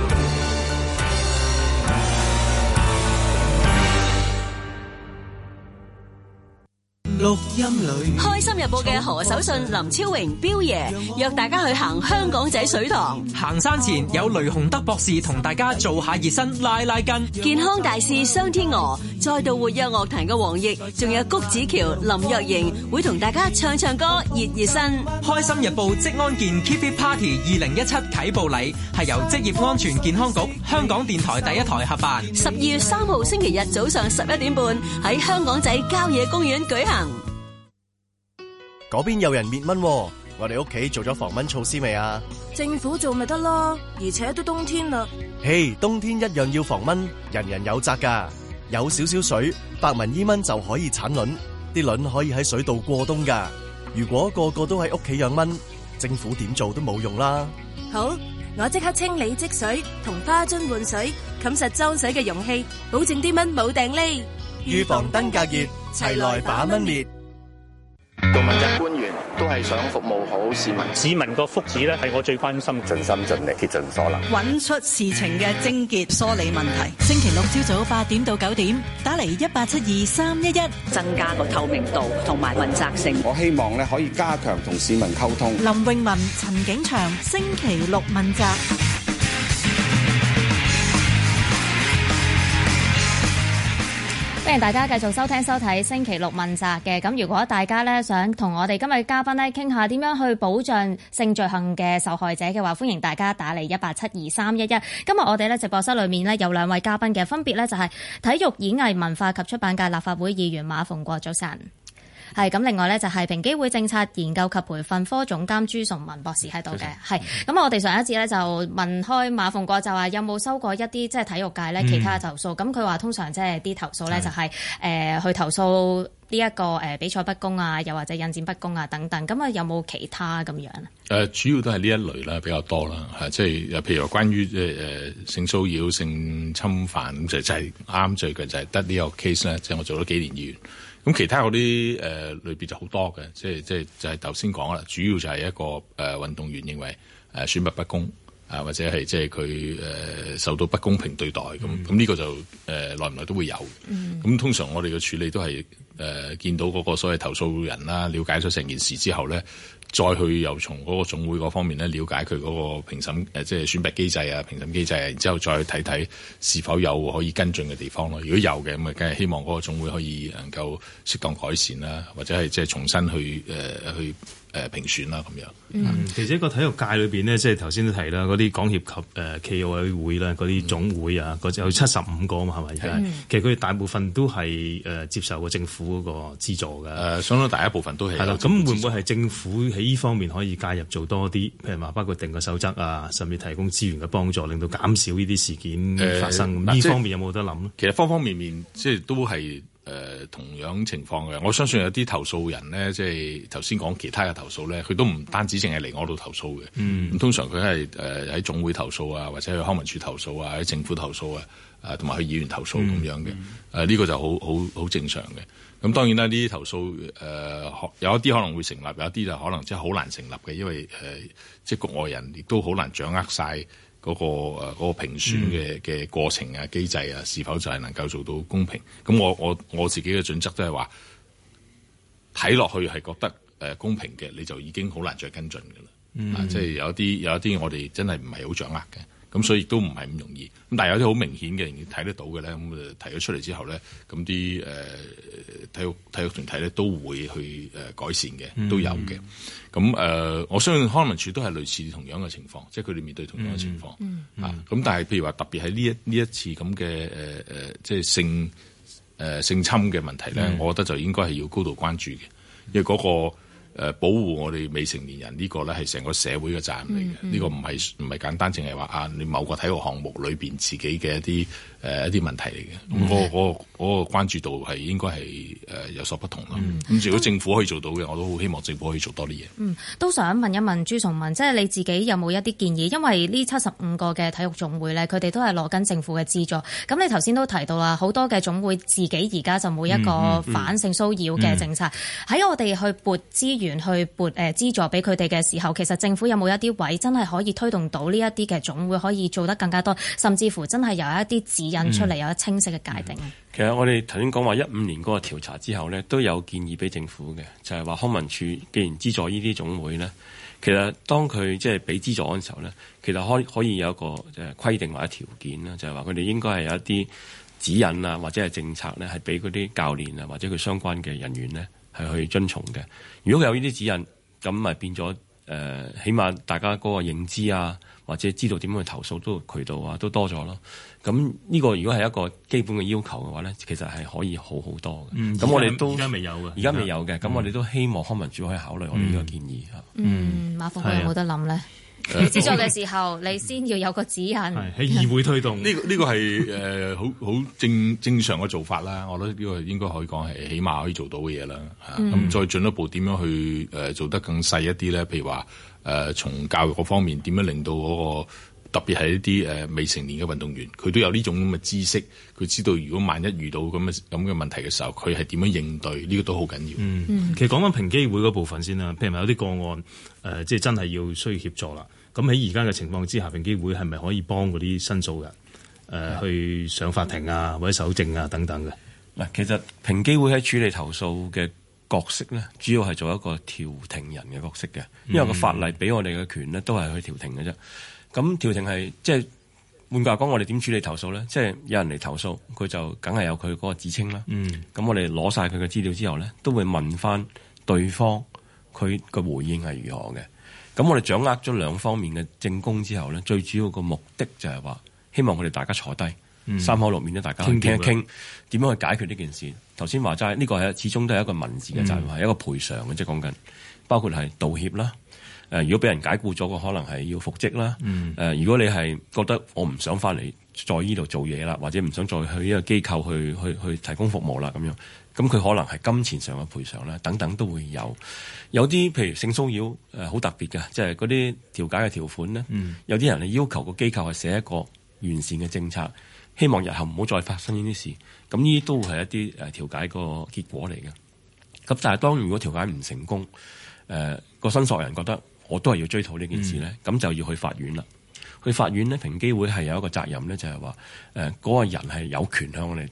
E: 錄音裏，開
C: 心日報嘅何守信、林超榮、彪爺約大家去行香港仔水塘。
E: 行山前有雷洪德博士同大
C: 家做下熱身，拉拉筋。健康大使商天娥、再度活躍樂壇嘅王奕，仲有谷子喬、林若瑩會同大家唱唱歌，熱熱身。開
E: 心日報職安健 Keep It Party 二零一七啟步禮係由職業安全健康局、
B: 香港電台第一台合辦，
C: 十二月三號星期日早上十一點半喺香港仔郊野公園舉行。
B: 嗰邊有人滅蚊，我哋屋企做咗防蚊措施未啊？
A: 政府做咪得咯，而且都冬天啦。
B: 嘿，冬天一樣要防蚊，人人有責噶。有少少水，白紋伊蚊就可以產卵，啲卵可以喺水度過冬噶。如果個個都喺屋企養蚊，
C: 政府點做都冇用啦。
A: 好，我即刻清理積水同花
D: 樽換水，冚實裝水嘅容器，保證啲蚊冇頂笠，
C: 預防登革熱，齊來把蚊滅。做問責官員都係想服務好
E: 市民，市民個福祉咧係我最關心，盡心盡力竭盡所能，
A: 揾出事情嘅症結、梳理問題。星期六朝早八點到九點，打嚟一八七二三一一，增加個透明度同埋問責性。
B: 我希望咧可以加強同市民溝通。
D: 林詠雯、陳景祥，星期六問責。歡迎大家繼續收聽收睇星期六問責嘅。咁，如果大家咧想同我哋今日嘉賓咧傾下點樣去保障性罪行嘅受害者嘅話，歡迎大家打嚟一八七二三一一。今日我哋咧直播室裏面呢，有兩位嘉賓嘅，分別咧就係體育、演藝、文化及出版界立法會議員馬逢國，早晨。係咁，是另外咧就係平機會政策研究及培訓科總監朱崇文博士喺度嘅。係咁實，我哋上一次咧就問開馬逢國，就話有冇收過一啲即係體育界咧其他嘅投訴。咁佢話通常即係啲投訴咧就係、是、誒的、呃、去投訴呢一個誒、呃、比賽不,不公啊，又或者引戰不公啊等等。咁啊有冇其他咁樣？誒、
F: 呃、主要都係呢一類啦，比較多啦，即係譬如話關於誒誒性騷擾、性侵犯咁就是、就係啱最近就係得呢個 case 咧，即係我做咗幾年議員。咁其他嗰啲誒類別就好多嘅，即係即係就係頭先講啦，主要就係一個誒運動員認為誒選拔不公啊，或者係即係佢誒受到不公平對待咁，咁呢、嗯、個就誒來唔來都會有。咁、嗯、通常我哋嘅處理都係誒見到嗰個所謂投訴人啦，了解咗成件事之後咧。再去又從嗰個總會嗰方面咧了解佢嗰個評審即係、就是、選拔機制啊、評審機制啊。然之後再睇睇是否有可以跟進嘅地方咯。如果有嘅，咁啊梗係希望嗰個總會可以能夠適當改善啦，或者係即係重新去誒、呃、去。誒、呃、評選啦咁樣、嗯嗯，其實個體育界裏面呢，即係頭先都提啦，嗰啲港協及、呃、奧委會啦，嗰
E: 啲總會啊，嗰有七十五個啊，係咪、嗯、是其實佢哋大部分都係、呃、接受過政府嗰個資助嘅。誒、呃，相當大一部分都係。係啦，咁會唔會係政府喺呢方面可以介入做多啲？譬如話，包括定個守則啊，甚至提供資源嘅幫助，令到減少呢啲事件發生。呢、呃呃、方面
F: 有冇得諗？其實方方面面，即係都係。誒、呃、同樣情況嘅，我相信有啲投訴人咧，即係頭先講其他嘅投訴咧，佢都唔單止淨係嚟我度投訴嘅。嗯，咁通常佢係誒喺總會投訴啊，或者去康文署投訴啊，喺政府投訴啊，誒同埋去議員投訴咁樣嘅。誒、呃、呢、呢個就好好好正常嘅。咁當然啦，呢啲投訴誒、呃、有一啲可能會成立，有一啲就可能即係好難成立嘅，因為誒、呃、即係局外人亦都好難掌握晒。嗰個誒嗰個評選嘅嘅過程啊機制啊，是否就係能夠做到公平？咁我我我自己嘅準則都係話睇落去係覺得誒公平嘅，你就已經好難再跟進嘅啦。嗯。啊，即係有一啲有一啲我哋真係唔係好掌握嘅。咁、嗯、所以都唔係咁容易，咁但係有啲好明顯嘅，睇得到嘅咧，咁誒提咗出嚟之後咧，咁啲誒體育體育團體咧都會去改善嘅，嗯、都有嘅。咁誒、呃，我相信康文署都係類似同樣嘅情況，即係佢哋面對同樣嘅情況嚇。咁、嗯嗯啊、但係譬如話特別係呢一呢一次咁嘅即係性、呃、性侵嘅問題咧，嗯、我覺得就應該係要高度關注嘅，因為嗰、嗰個。誒，保護我哋未成年人呢、呢個咧係成個社會嘅責任嚟嘅，呢、嗯、哼個唔係唔係簡單淨係話啊你某個體育項目裏邊自己嘅一啲。誒、呃、一啲問題嚟嘅，咁、嗯、我我我關注度係應該係誒有所不同咯。咁如果政府可以做到嘅，我都好希望政府可以做多啲嘢。嗯，
D: 都想問一問朱崇文，即係你自己有冇一啲建議？因為呢七十五個嘅體育總會呢，佢哋都係攞緊政府嘅資助。咁你頭先都提到啦，好多嘅總會自己而家就冇一個反性騷擾嘅政策。喺、嗯嗯嗯、我哋去撥資源、去撥誒資助俾佢哋嘅時候，其實政府有冇一啲位真係可以推動到呢一啲嘅總會可以做得更加多，甚至乎真係有一啲自引出嚟有一清晰
B: 嘅界定、嗯嗯、其實我哋頭先講話一五年嗰個調查之後咧，都有建議俾政府嘅，就係、是、話康文署既然資助呢啲總會咧，其實當佢即係俾資助嘅時候咧，其實可可以有一個誒規定或者條件啦，就係話佢哋應該係有一啲指引啊，或者係政策咧、啊，係俾嗰啲教練啊或者佢相關嘅人員咧係去遵從嘅。如果佢有呢啲指引，咁咪變咗誒、呃，起碼大家嗰個認知啊，或者知道點樣去投訴都渠道啊，都多咗咯。咁呢個如果係一個基本嘅要求嘅話咧，其實係可以好好多嘅。咁我哋都而家未有嘅，而家未有嘅。咁我哋都希望康文署可以考慮我哋呢個建議。嗯，
D: 馬逢國有冇得諗咧？
F: 資助嘅時
D: 候，你先要有個指引
F: 喺議會推動呢個呢個係誒好好正正常嘅做法啦。我覺得呢個應該可以講係起碼可以做到嘅嘢啦。
C: 咁再
F: 進一步點樣去誒做得更細一啲咧？譬如話誒，從教育嗰方面點樣令到嗰個。特別係一啲誒未成年嘅運動員，佢都有呢種咁嘅知識，佢知道如果萬一遇到咁嘅咁嘅問題嘅時候，佢係點樣應對？呢、呢個都好緊要。嗯，其實講返平機會嗰部分先啦，譬如話有啲個案，誒、呃、
E: 即係真係要需要協助啦。咁喺而家嘅情況之下，平機會係咪可以幫嗰啲申訴人誒、呃、去上法庭啊，或者搜證啊等等嘅？嗱，其實平機會喺
B: 處理投訴嘅角色咧，主要係做一個調停人嘅角色嘅，因為個法例俾我哋嘅權咧，都係去調停嘅啫。咁調停係即係換句話講，我哋點處理投訴咧？即係有人嚟投訴，佢就梗係有佢嗰個指稱啦。嗯，咁我哋攞曬佢嘅資料之後咧，都會問翻對方佢嘅回應係如何嘅。咁我哋掌握咗兩方面嘅證供之後咧，最主要個目的就係話希望佢哋大家坐低，嗯、三口六面咧，大家傾聽 一傾點樣去解決呢件事。頭先話齋，呢、呢個係始終都係一個民事嘅責任，嗯、一個賠償嘅，即係講緊，包括係道歉啦。誒，如果俾人解雇咗，個可能係要復職啦。誒、嗯，如果你係覺得我唔想翻嚟在呢度做嘢啦，或者唔想再去呢個機構去去去提供服務啦，咁樣咁佢可能係金錢上嘅賠償啦，等等都會有。有啲譬如性騷擾誒，好特別嘅，即係嗰啲調解嘅條款咧。嗯、有啲人係要求個機構係寫一個完善嘅政策，希望日後唔好再發生呢啲事。咁呢啲都係一啲誒調解個結果嚟嘅。咁但係當如果調解唔成功，誒個申索人覺得。我都係要追討呢件事咧，咁就要去法院啦。去法院呢，平機會係有一個責任咧，就係話，誒，嗰個人係有權向我哋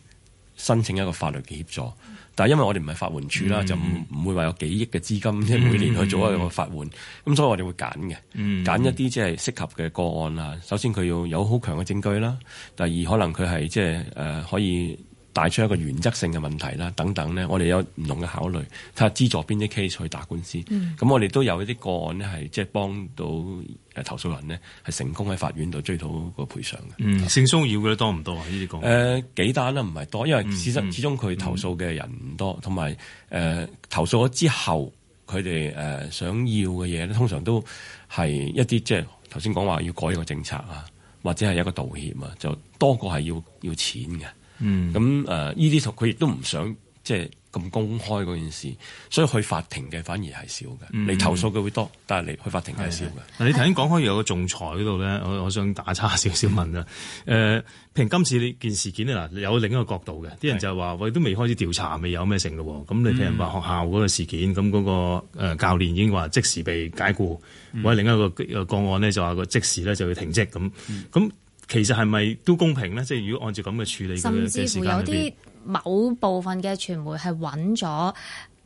B: 申請一個法律嘅協助。但係因為我哋唔係法援處啦，嗯、就唔唔會話有幾億嘅資金，即係、嗯、每年去做一個法援。咁、嗯、所以我哋會揀嘅，揀一啲即係適合嘅個案啦。首先佢要有好強嘅證據啦，第二可能佢係即係誒可以。帶出一個原則性嘅問題啦，等等咧，我哋有唔同嘅考慮，睇下資助邊啲 case 去打官司。咁、嗯、我哋都有一啲個案咧，係即係幫到誒投訴人咧，係成功喺法院度追討個賠償
E: 嘅。嗯，性騷擾
B: 嘅多唔多啊？呢啲個誒幾單都唔係多，因為事實始終佢投訴嘅人唔多，同埋誒投訴咗之後，佢哋誒想要嘅嘢咧，通常都係一啲即係頭先講話要改一個政策啊，或者係一個道歉啊，就多過係要要錢嘅。嗯，咁誒、嗯，呢啲佢亦都唔想即係咁
E: 公開嗰件事，所以去法庭嘅反而係少嘅，你投訴嘅會多，嗯、但係你去法庭係少嘅。嗱，你頭先講開有個仲裁嗰度咧，我我想打岔少少問啦。平、呃、譬如今次呢件事件咧，嗱有另一個角度嘅，啲人就係話，我是的 都未開始調查，未有咩成喎。咁你譬如話學校嗰個事件，咁嗰、嗰個、呃、教練已經話即時被解雇，嗯、或者另一個個個案咧就話個即時咧就要停職咁，咁。其實係咪都公平呢？即係如果按照咁嘅處理嘅時間，甚至乎有啲
D: 某部分嘅傳媒係揾咗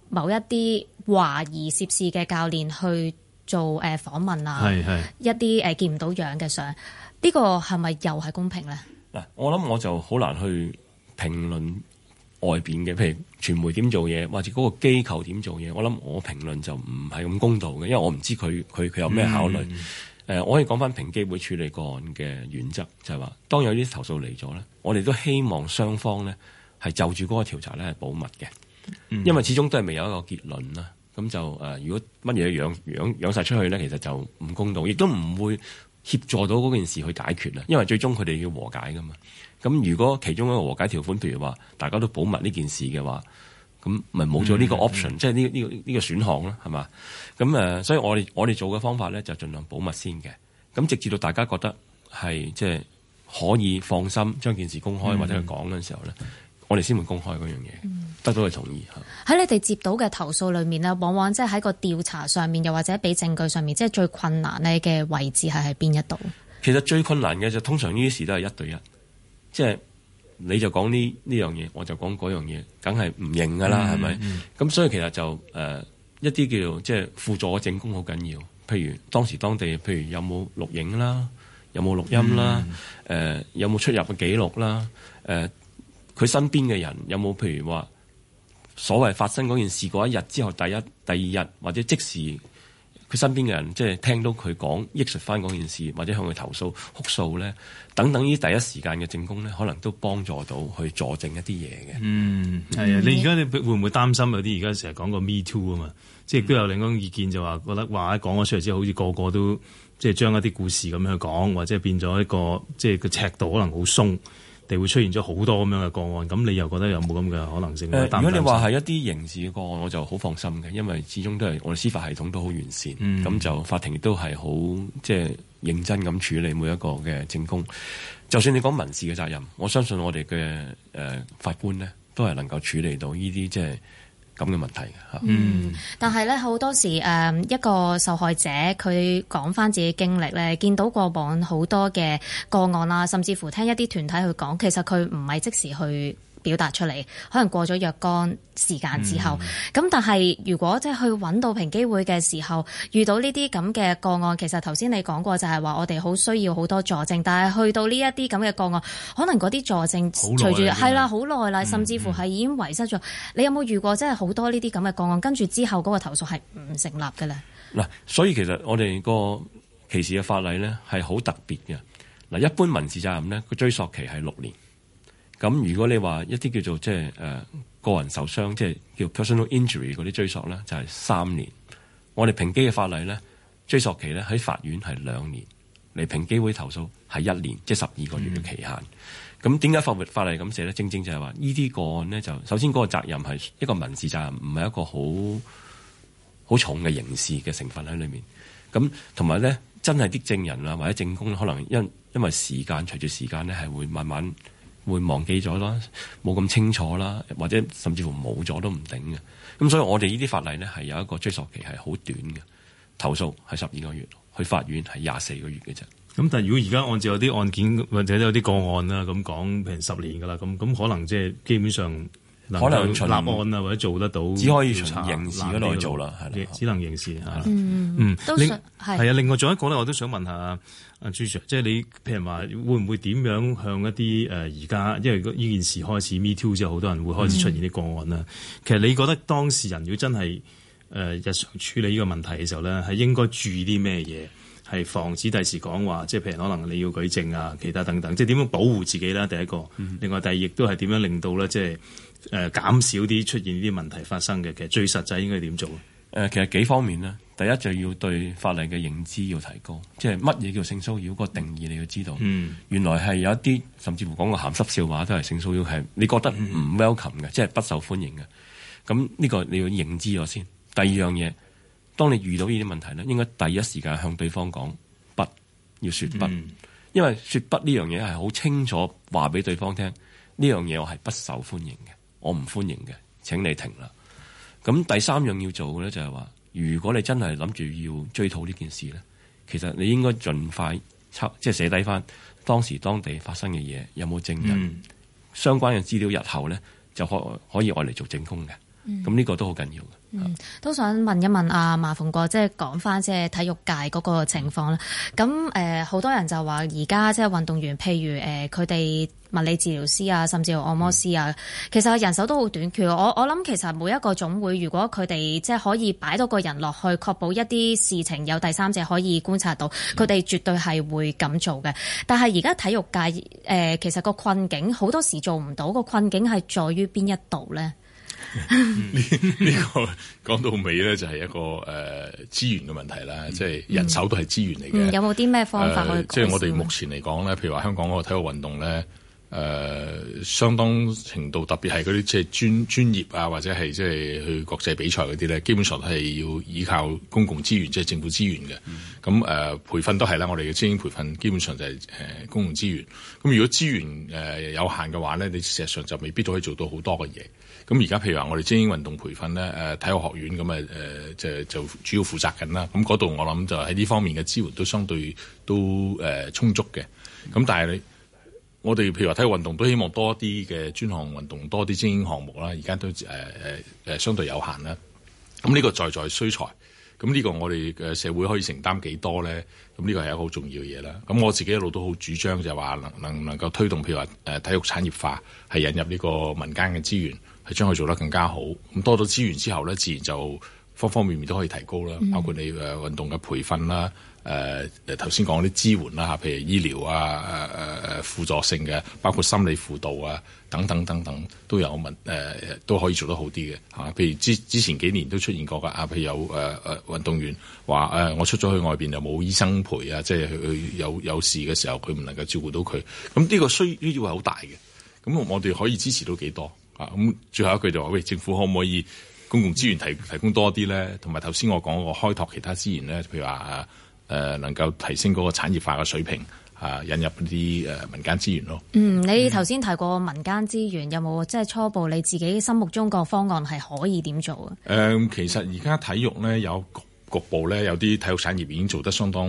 D: 某一啲懷疑涉事嘅教練去做誒訪問係係啊，係係一啲誒見唔到樣嘅相，呢、呢個係咪又係公平呢？嗱，
B: 我諗我就好難去評論外邊嘅，譬如傳媒點做嘢，或者嗰個機構點做嘢。我諗我評論就唔係咁公道嘅，因為我唔知佢佢佢有咩考慮。嗯誒，我可以講返平機會處理個案嘅原則，就係話當有啲投訴嚟咗咧，我哋都希望雙方咧係就住嗰個調查咧係保密嘅，因為始終都係未有一個結論啦。咁就誒、呃，如果乜嘢揚揚揚晒出去咧，其實就唔公道，亦都唔會協助到嗰件事去解決啦。因為最終佢哋要和解㗎嘛。咁如果其中一個和解條款，譬如話大家都保密呢件事嘅話，咁咪冇咗呢個 option，嗯、即係呢呢個呢個選項啦，係嘛？咁誒，所以我哋我哋做嘅方法咧，就盡量保密先嘅。咁直至到大家覺得係即係可以放心將件事公開、嗯、或者去講嘅時候咧，的我哋先會公開嗰樣嘢，嗯、得到佢同意。
D: 喺你哋接到嘅投訴裏面呢，往往即係喺個調查上面，又或者俾證據上面，即係最困難呢嘅位置係喺邊一度？
B: 其實最困難嘅就是、通常呢啲事都係一對一，即係。你就講呢呢樣嘢，我就講嗰樣嘢，梗係唔認㗎啦，係咪？咁所以其實就誒、呃、一啲叫即係、就是、輔助嘅證供好緊要。譬如當時當地，譬如有冇錄影啦，有冇錄音啦，誒、嗯呃、有冇出入嘅記錄啦，誒、呃、佢身邊嘅人有冇譬如話所謂發生嗰件事嗰一日之後第一、第二日或者即時。佢身邊嘅人即係聽到佢講憶述返嗰件事，或者向佢投訴、哭訴咧，等等呢啲第一時間
E: 嘅證供咧，可能都幫助到去佐證一啲嘢嘅。嗯，係啊，你而家你會唔會擔心有啲而家成日講個 Me Too 啊嘛，即係都有另一種意見就話、是、覺得話一講咗出嚟之後，好似個個都即係將一啲故事咁樣去講，或者變咗一個即係個尺度可能好鬆。地會出現咗好多咁樣嘅個案，咁你又覺得有冇咁嘅可能性？呃、如果你話係一啲
B: 刑事嘅個案，我就好放心嘅，因為始終都係我哋司法系統都好完善，咁、嗯、就法庭亦都係好即係認真咁處理每一個嘅證供。就算你講民事嘅責任，我相信我哋嘅誒法官呢都係能夠處理到呢啲即係。就是咁嘅問題，嗯，
D: 但係咧好多時誒，一個受害者佢講翻自己的經歷咧，見到過往好多嘅個案啦，甚至乎聽一啲團體去講，其實佢唔係即時去。表達出嚟，可能過咗若干時間之後，咁、嗯、但係如果即係去揾到平機會嘅時候，遇到呢啲咁嘅個案，其實頭先你講過就係話我哋好需要好多助證，但係去到呢一啲咁嘅個案，可能嗰啲助證隨住係啦，好耐啦，是的是甚至乎係已經遺失咗。嗯、你有冇遇過即係好多呢啲咁嘅個案，跟住之後嗰個投訴係唔成立嘅呢？
B: 嗱，所以其實我哋個歧視嘅法例呢係好特別嘅。嗱，一般民事責任呢，個追索期係六年。咁如果你話一啲叫做即係誒個人受傷，即係叫 personal injury 嗰啲追索咧，就係三年。我哋平機嘅法例咧，追索期咧，喺法院係兩年嚟，平機會投訴係一年，即係十二個月嘅期限。咁點解法律法例咁寫咧？正正就係話呢啲個案咧，就首先嗰個責任係一個民事責任，唔係一個好好重嘅刑事嘅成分喺裏面。咁同埋咧，真係啲證人啊，或者證供可能因為因為時間隨住時間咧係會慢慢。會忘記咗啦，冇咁清楚啦，或者甚至乎冇咗都唔頂嘅。咁所以我哋呢啲法例呢，係有一個追溯期係好短嘅，投訴係十二個月，去法院係廿四個月嘅啫。
E: 咁但係如果而家按照有啲案件或者有啲個案啦咁講，譬如十年㗎喇，咁咁可能即係基本上。能可能，能立案啊，或者做得到，只可以刑事嗰度做啦，係啦，只能刑事嚇。嗯的嗯，
D: 都係啊。
E: 另外仲有一個咧，我都想問下阿朱 Sir，即係你譬如話，會唔會點樣向一啲誒而家，因為呢件事開始 Me Too 之後，好多人會開始出現啲個案啦。嗯、其實你覺得當事人如果真係誒、呃、日常處理呢個問題嘅時候咧，係應該注意啲咩嘢？係防止第時講話，即係譬如可能你要舉證啊，其他等等，即係點樣保護自己啦。第一個，嗯、另外第二亦都係點樣令到咧，即係誒、呃、減少啲出現呢啲問題發生嘅。其實最實際應該點做咧、呃？其實幾方面呢？第一就要對法例嘅認
B: 知要提高，即係乜嘢叫性騷擾、個定義你要知道。嗯、原來係有一啲甚至乎講個鹹濕笑話都係性騷擾，係你覺得唔 welcome 嘅，即係、嗯、不受歡迎嘅。咁呢個你要認知咗先。第二樣嘢。當你遇到呢啲問題呢，應該第一時間向對方講，不要説不，嗯、因為説不呢樣嘢係好清楚話俾對方聽，呢樣嘢我係不受歡迎嘅，我唔歡迎嘅，請你停啦。咁第三樣要做嘅呢，就係、是、話，如果你真係諗住要追討呢件事呢，其實你應該盡快即係寫低翻當時當地發生嘅嘢，有冇證人相關嘅資料，日後呢，嗯、就可可以我嚟做證供嘅。咁呢、嗯、個都好緊要嘅
D: 嗯，都想問一問阿、啊、馬逢國，即係講翻即係體育界嗰個情況啦。咁誒，好、呃、多人就話而家即係運動員，譬如誒佢哋物理治療師啊，甚至係按摩師啊，嗯、其實人手都好短缺。我我諗其實每一個總會，如果佢哋即係可以擺到個人落去，確保一啲事情有第三者可以觀察到，佢哋、嗯、絕對係會咁做嘅。但係而家體育界誒、呃，其實個困境好多時做唔到，個困境係在於邊一度呢？
F: 呢呢 [laughs] [laughs] 個講到尾咧，就係一個誒資源嘅問題啦，即係、嗯、人手都係資源嚟
D: 嘅、嗯。有冇啲咩方法可以？即係、呃就是、我哋目
F: 前嚟講咧，譬如話香港嗰個體育運動咧。誒、呃、相當程度，特別係嗰啲即係專專業啊，或者係即係去國際比賽嗰啲咧，基本上係要依靠公共資源，即、就、係、是、政府資源嘅。咁誒、嗯呃、培訓都係啦，我哋嘅精英培訓基本上就係、是、誒、呃、公共資源。咁如果資源誒、呃、有限嘅話咧，你事實上就未必都可以做到好多嘅嘢。咁而家譬如話，我哋精英運動培訓咧，誒、呃、體育學院咁誒誒就就主要負責緊啦。咁嗰度我諗就喺呢方面嘅支援都相對都誒、呃、充足嘅。咁、嗯、但係你。我哋譬如話體育運動，都希望多啲嘅專項運動，多啲精英項目啦。而家都、呃呃、相對有限啦。咁呢個在在需財。咁呢個我哋嘅社會可以承擔幾多咧？咁呢個係一個好重要嘅嘢啦。咁我自己一路都好主張就係話能能能夠推動譬如話誒體育產業化，係引入呢個民間嘅資源，係將佢做得更加好。咁多咗資源之後咧，自然就方方面面都可以提高啦。包括你嘅運動嘅培訓啦。嗯誒誒，頭先講啲支援啦，嚇，譬如醫療啊，誒誒誒，輔助性嘅，包括心理輔導啊，等等等等，都有問誒、呃、都可以做得好啲嘅嚇。譬如之之前幾年都出現過噶啊，譬如有誒誒、呃、運動員話誒、呃，我出咗去外邊就冇醫生陪啊，即係佢佢有有事嘅時候，佢唔能夠照顧到佢。咁呢個需要係好大嘅。咁我哋可以支持到幾多啊？咁最後一句就話喂，政府可唔可以公共資源提提供多啲咧？同埋頭先我講個開拓其他資源咧，譬如話。啊誒能夠提升嗰個產業化嘅水平，啊引入啲誒民間資源咯。嗯，
D: 你頭先提過民間資源，嗯、有冇即係初步你自己心目中個方案係可以點做
F: 啊？誒、嗯，其實而家體育咧有局部咧有啲體育產業已經做得相當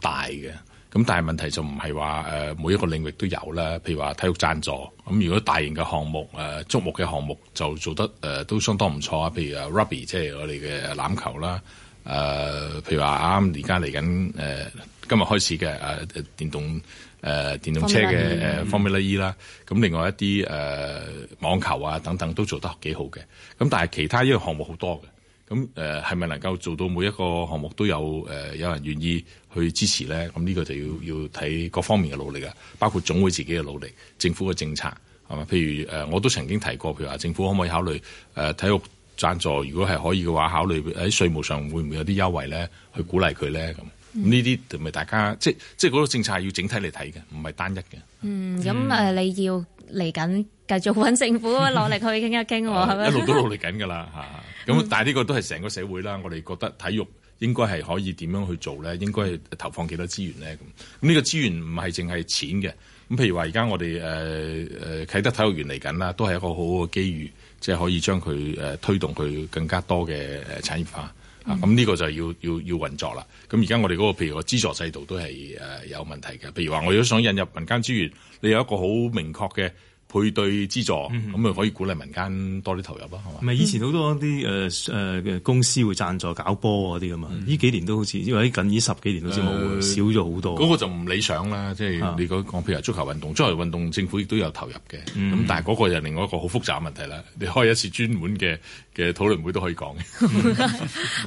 F: 大嘅，咁但係問題就唔係話誒每一個領域都有啦。譬如話體育贊助，咁如果大型嘅項目，誒矚目嘅項目就做得誒、啊、都相當唔錯啊。譬如啊，rugby 即係我哋嘅欖球啦。誒、呃，譬如話啱啱而家嚟緊誒，今日開始嘅誒、呃、電動誒、呃、電動車嘅誒 Formula E 啦、e，啊，咁另外一啲誒、呃、網球啊等等都做得幾好嘅，咁但係其他呢個項目好多嘅，咁誒係咪能夠做到每一個項目都有誒、呃、有人願意去支持咧？咁呢個就要要睇各方面嘅努力啊，包括總會自己嘅努力、政府嘅政策係嘛？譬如誒、呃，我都曾經提過，譬如話政府可唔可以考慮誒、呃、體育贊助，如果係可以嘅話，考慮喺稅務上會唔會有啲優惠咧？去鼓勵佢咧咁，呢啲同咪大家即即係嗰個政策係要整體嚟睇嘅，唔係單一嘅。嗯，咁誒、嗯，嗯、你
D: 要嚟緊繼續揾政府落、嗯、力
F: 去傾一傾喎，係咪、啊吧啊？一路都努力緊㗎啦，嚇、 [laughs] 啊！咁但係呢個都係成個社會啦，我哋覺得體育應該係可以點樣去做咧？應該係投放幾多資源咧？咁咁呢個資源唔係淨係錢嘅。咁譬如話，而家我哋誒誒啟德體育園嚟緊啦，都係一個好好嘅機遇。即係可以將佢誒推動佢更加多嘅誒產業化、嗯、啊！咁呢個就要要要運作啦。咁而家我哋嗰、那個譬如個資助制度都係誒、呃、有問題嘅。譬如話我要想引入民間資源，你有一個好明確嘅。配對資助，咁咪、嗯、可以鼓勵民間多啲投入咯，係嘛？唔係以前好多
E: 啲誒、呃、公司會贊助搞波嗰啲咁嘛，呢、嗯、幾年都好似因為近呢十幾年都好、呃、少咗
F: 好多。嗰個就唔理想啦，即、就、係、是、你講譬、啊、如足球運動，足球運動政府亦都有投入嘅，咁、嗯、但係嗰個又另外一個好複雜嘅問題啦。你開一次專門嘅嘅討論會都可以講嘅。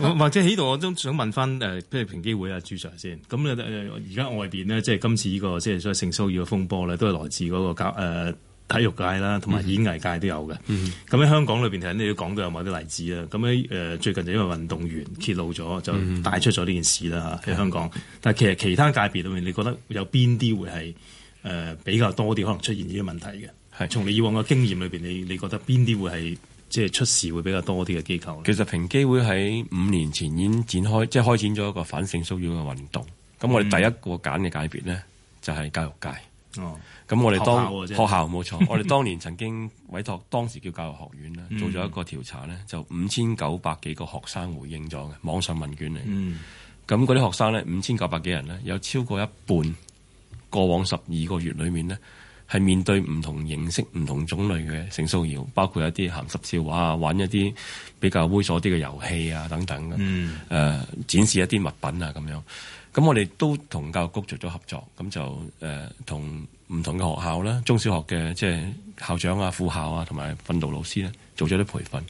F: 嗯、 [laughs] 或者喺度我都想問翻誒，譬如平機會啊、朱
E: Sir 先。咁而家外邊呢，即係今次呢、這個即係所謂性騷擾嘅風波咧，都係來自嗰、那個教、呃體育界啦，同埋演藝界都有嘅。咁喺、mm hmm。香港裏邊，肯定都講到有某啲例子啦。咁喺誒最近就因為運動員揭露咗，就帶出咗呢件事啦。喺、mm hmm。香港，的但係其實其他界別裏面，你覺得有邊啲會係誒、呃、比較多啲，可能出現呢啲問題嘅？係從的你以往嘅經驗裏邊，你你覺得邊啲會係即係出事會比較多
B: 啲嘅機構？其實平機會喺五年前已經展開，即係開展咗一個反性騷擾嘅運動。咁我哋第一個揀嘅界別呢，就係、是、教育界。哦。咁我哋當學校冇錯， [laughs] 我哋當年曾經委託當時叫教育學院啦，做咗一個調查咧，嗯、就五千九百幾個學生回應咗嘅網上問卷嚟。咁嗰啲學生咧，五千九百幾人咧，有超過一半過往十二個月裏面呢，係面對唔同形式、唔同種類嘅性騷擾，包括一啲咸濕笑話啊，玩一啲比較猥瑣啲嘅遊戲啊等等嘅、嗯呃。展示一啲物品啊咁樣。咁我哋都同教育局做咗合作，咁就同。呃唔同嘅學校啦，中小學嘅即係校長啊、副校啊同埋訓導老師咧，做咗啲培訓。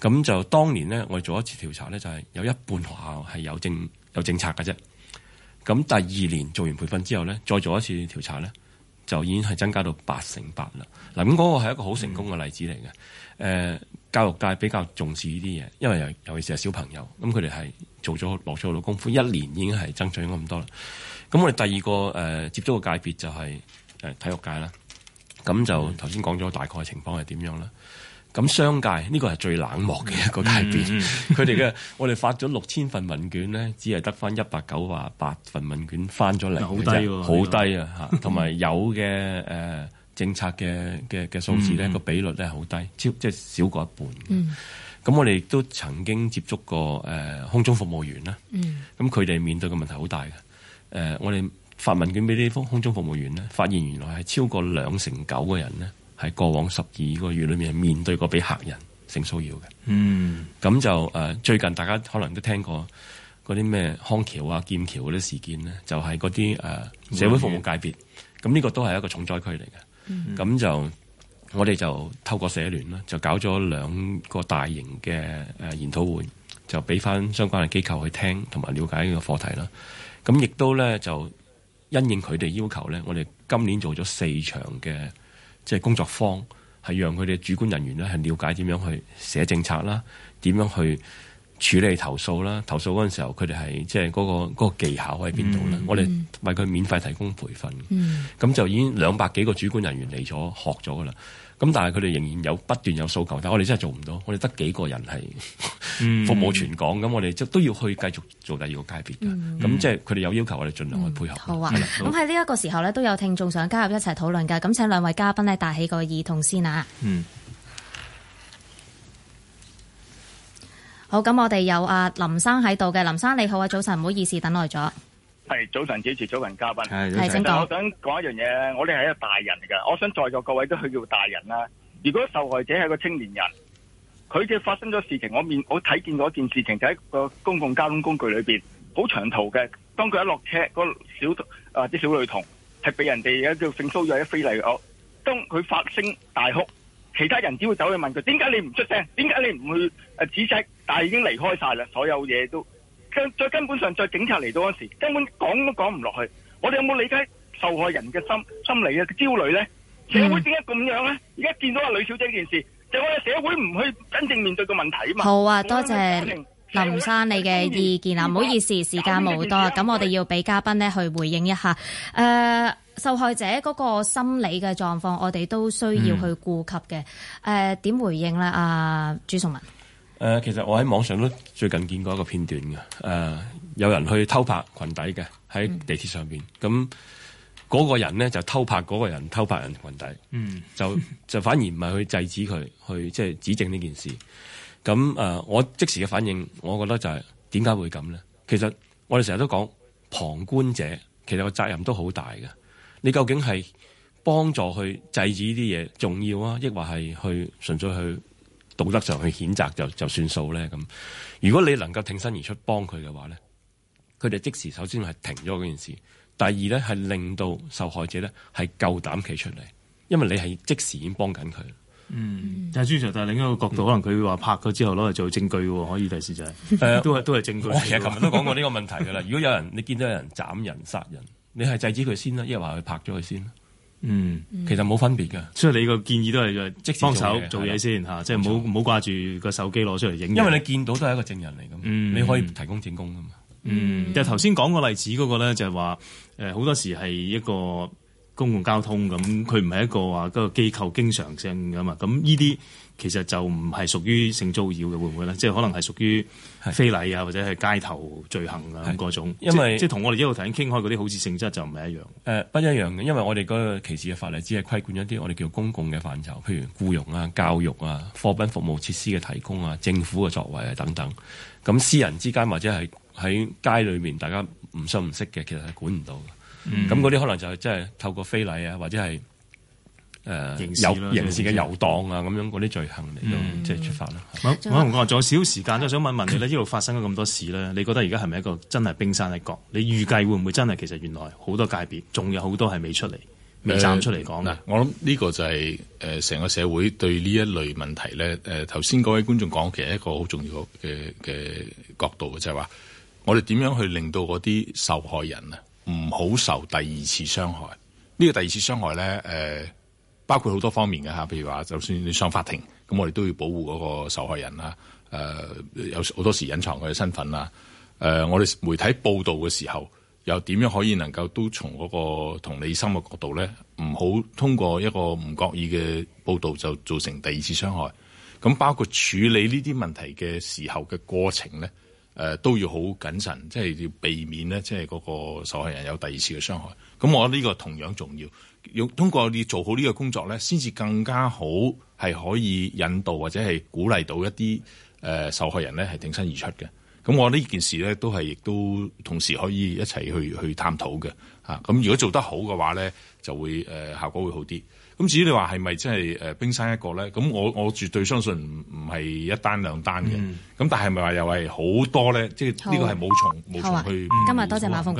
B: 咁就當年呢，我哋做一次調查呢，就係、是、有一半學校係有政有政策㗎啫。咁第二年做完培訓之後呢，再做一次調查呢，就已經係增加到八成八啦。嗱，咁嗰個係一個好成功嘅例子嚟嘅。誒、嗯，教育界比較重視呢啲嘢，因為尤尤其是係小朋友，咁佢哋係做咗落咗好多功夫，一年已經係爭取咗咁多啦。咁我哋第二個誒、呃、接觸嘅界別就係、是、誒、呃、體育界啦，咁就頭先講咗大概情況係點樣啦。咁商界呢、這個係最冷漠嘅一個界別，佢哋嘅我哋發咗六千份問卷咧，只係得翻一百九十八份問卷翻咗嚟，好、這個、低好低啊吓。同埋、嗯、有嘅誒、呃、政策嘅嘅嘅數字咧，個、嗯、比率咧係好低，超即係、就是、少過一半嘅。咁、嗯、我哋亦都曾經接觸過誒、呃、空中服務員啦，咁佢哋面對嘅問題好大嘅。誒、呃，我哋發文件俾呢啲空中服務員咧，發現原來係超過兩成九嘅人咧，喺過往十二個月裏面面對過俾客人性騷擾嘅。嗯，咁就誒、呃、最近大家可能都聽過嗰啲咩康橋啊劍橋嗰啲事件咧，就係嗰啲誒社會服務界別咁呢、嗯、個都係一個重災區嚟嘅。咁、嗯嗯、就我哋就透過社聯啦，就搞咗兩個大型嘅誒、呃、研討會，就俾翻相關嘅機構去聽同埋了解呢個課題啦。咁亦都咧就因應佢哋要求咧，我哋今年做咗四場嘅即係工作坊，係讓佢哋主管人員咧係了解點樣去寫政策啦，點樣去處理投訴啦。投訴嗰陣時候，佢哋係即係嗰個嗰個技巧喺邊度咧？嗯、我哋為佢免費提供培訓，咁、嗯、就已經兩百幾個主管人員嚟咗學咗噶啦。咁但係佢哋仍然有不斷有訴求，但係我哋真係做唔到，我哋得幾個人係、嗯、 [laughs] 服務全港，咁我哋即都要去繼續做第二個界別嘅，咁、嗯、即係佢哋有要求，我哋盡量去配合。嗯、好啊，咁喺
D: 呢一個時候咧，都有聽眾想加入一齊討論嘅，咁請兩位嘉賓咧，戴起個耳筒先啊。嗯。好，咁我哋有阿林生喺度嘅，林生你好啊，早晨，唔好意思等耐咗。
B: 係早，早，早晨，主持早晨，嘉賓。係，其實我想講一樣嘢，我哋係一個大人嚟噶。我想在座各位都去叫大人啦。如果受害者係個青年人，佢嘅發生咗事情，我面我睇見嗰件事情就喺個公共交通工具裏邊，好長途嘅。當佢一落車，個小啊啲小女童係俾人哋一叫性騷擾一非禮，我當佢發聲大哭，其他人只會走去問佢，點解你唔出聲？點解你唔去誒、啊、指責？但係已經離開晒啦，所有嘢都。在根本上，再警察嚟到嗰時，根本講都講唔落去。我哋有冇理解受害人嘅心心理嘅焦慮呢？社會點解咁樣呢？而家見到阿呂小姐件事，就是，我哋社會唔去真正面對個問題啊嘛。好啊，多謝
D: 林生你嘅意見啊！唔好意思，時間冇多啊，咁我哋要俾嘉賓呢去回應一下。誒、呃，受害者嗰個心理嘅狀況，我哋都需要去顧及嘅。誒、嗯，點、呃、回應呢？阿、啊、朱崇文。
B: 誒、呃，其實我喺網上都最近見過一個片段嘅，誒、呃，有人去偷拍裙底嘅，喺地鐵上邊，咁嗰、嗯嗯那個人呢，就偷拍嗰、那個人偷拍人裙底，嗯、就就反而唔係去制止佢，去即係、就是、指證呢件事。咁、嗯、誒、呃，我即時嘅反應，我覺得就係點解會咁呢？其實我哋成日都講旁觀者，其實個責任都好大嘅。你究竟係幫助去制止呢啲嘢重要啊，抑或係去純粹去？道德上去譴責就就算數咧咁。如果你能夠挺身而出幫佢嘅話咧，佢哋即時首先係停咗嗰件事，第二咧係令到受害者咧係夠膽企出嚟，
E: 因為你係即時已經幫緊佢。嗯，就係通常就係另一個角度，嗯、可能佢話拍咗之後攞嚟做證據喎，可以第時就係、係。都係、呃、都係證據。我哋琴日都講過呢個問題噶啦。 [laughs] 如果有人你見
B: 到有人斬人殺人，你係制止佢先啦、啊，一係話佢拍咗佢先。嗯，其實冇分
E: 別嘅，嗯、所以你個建議都係吧即幫手做嘢先嚇，即係唔好唔好掛住個手機攞出嚟影。因為你見到都係一個證人嚟嘅嘛，嗯、你可以提供證供啊嘛。嗯，嗯嗯但係頭先講個例子嗰個咧，就係話誒好多時係一個公共交通咁，佢唔係一個話嗰個機構經常性嘅嘛，咁呢啲。其實就唔係屬於性騷擾嘅，會唔會咧？即係可能係屬於非禮啊，是的或者係街頭罪行啊咁嗰的種，因為即係同我哋一路頭先傾開嗰啲，好似性質就唔係一樣。誒、呃，不一樣嘅，因為我哋嗰個歧視嘅法例只係規管一
B: 啲我哋叫公共嘅範疇，譬如僱傭啊、教育啊、貨品服務設施嘅提供啊、政府嘅作為啊等等。咁私人之間或者係喺街裏面大家唔熟唔識嘅，其實係管唔到嘅。咁嗰啲可能就係即係透過非禮啊，或者係。
E: 誒，遊、呃、刑事嘅遊蕩啊，咁樣嗰啲罪行嚟，即係、嗯、出發啦。同我話仲有少時間，都想問問你呢：呢度 [coughs] 發生咗咁多事咧，你覺得而家係咪一個真係冰山一角？你預計會唔會真係其實原來好多界別仲有好多係未出嚟，呃、未站出嚟講？嗱、呃，
F: 我諗呢個就係、是、成、呃、個社會對呢一類問題咧。誒頭先嗰位觀眾講，其實一個好重要嘅嘅角度嘅，就係、是、話我哋點樣去令到嗰啲受害人啊，唔好受第二次傷害。呢、這個第二次傷害咧，呃包括好多方面嘅吓，譬如話就算你上法庭，咁我哋都要保護嗰個受害人啦。誒、呃、有好多時隱藏佢嘅身份啊。誒、呃、我哋媒體報道嘅時候，又點樣可以能夠都從嗰個同理心嘅角度咧，唔好通過一個唔覺意嘅報道就造成第二次傷害。咁包括處理呢啲問題嘅時候嘅過程咧，誒、呃、都要好謹慎，即、就、係、是、要避免咧，即係嗰個受害人有第二次嘅傷害。咁我覺得呢個同樣重要。要通過你做好呢個工作咧，先至更加好係可以引導或者係鼓勵到一啲誒、呃、受害人咧係挺身而出嘅。咁我呢件事咧都係亦都同時可以一齊去去探討嘅。嚇、啊、咁如果做得好嘅話咧，就會誒、呃、效果會好啲。咁至於你話係咪真係誒冰山一角咧？咁我我絕對相信唔唔係一單兩單嘅。咁、嗯、但係咪話又係好多咧？即係呢個係冇從冇從去。嗯、今日多謝，謝馬逢。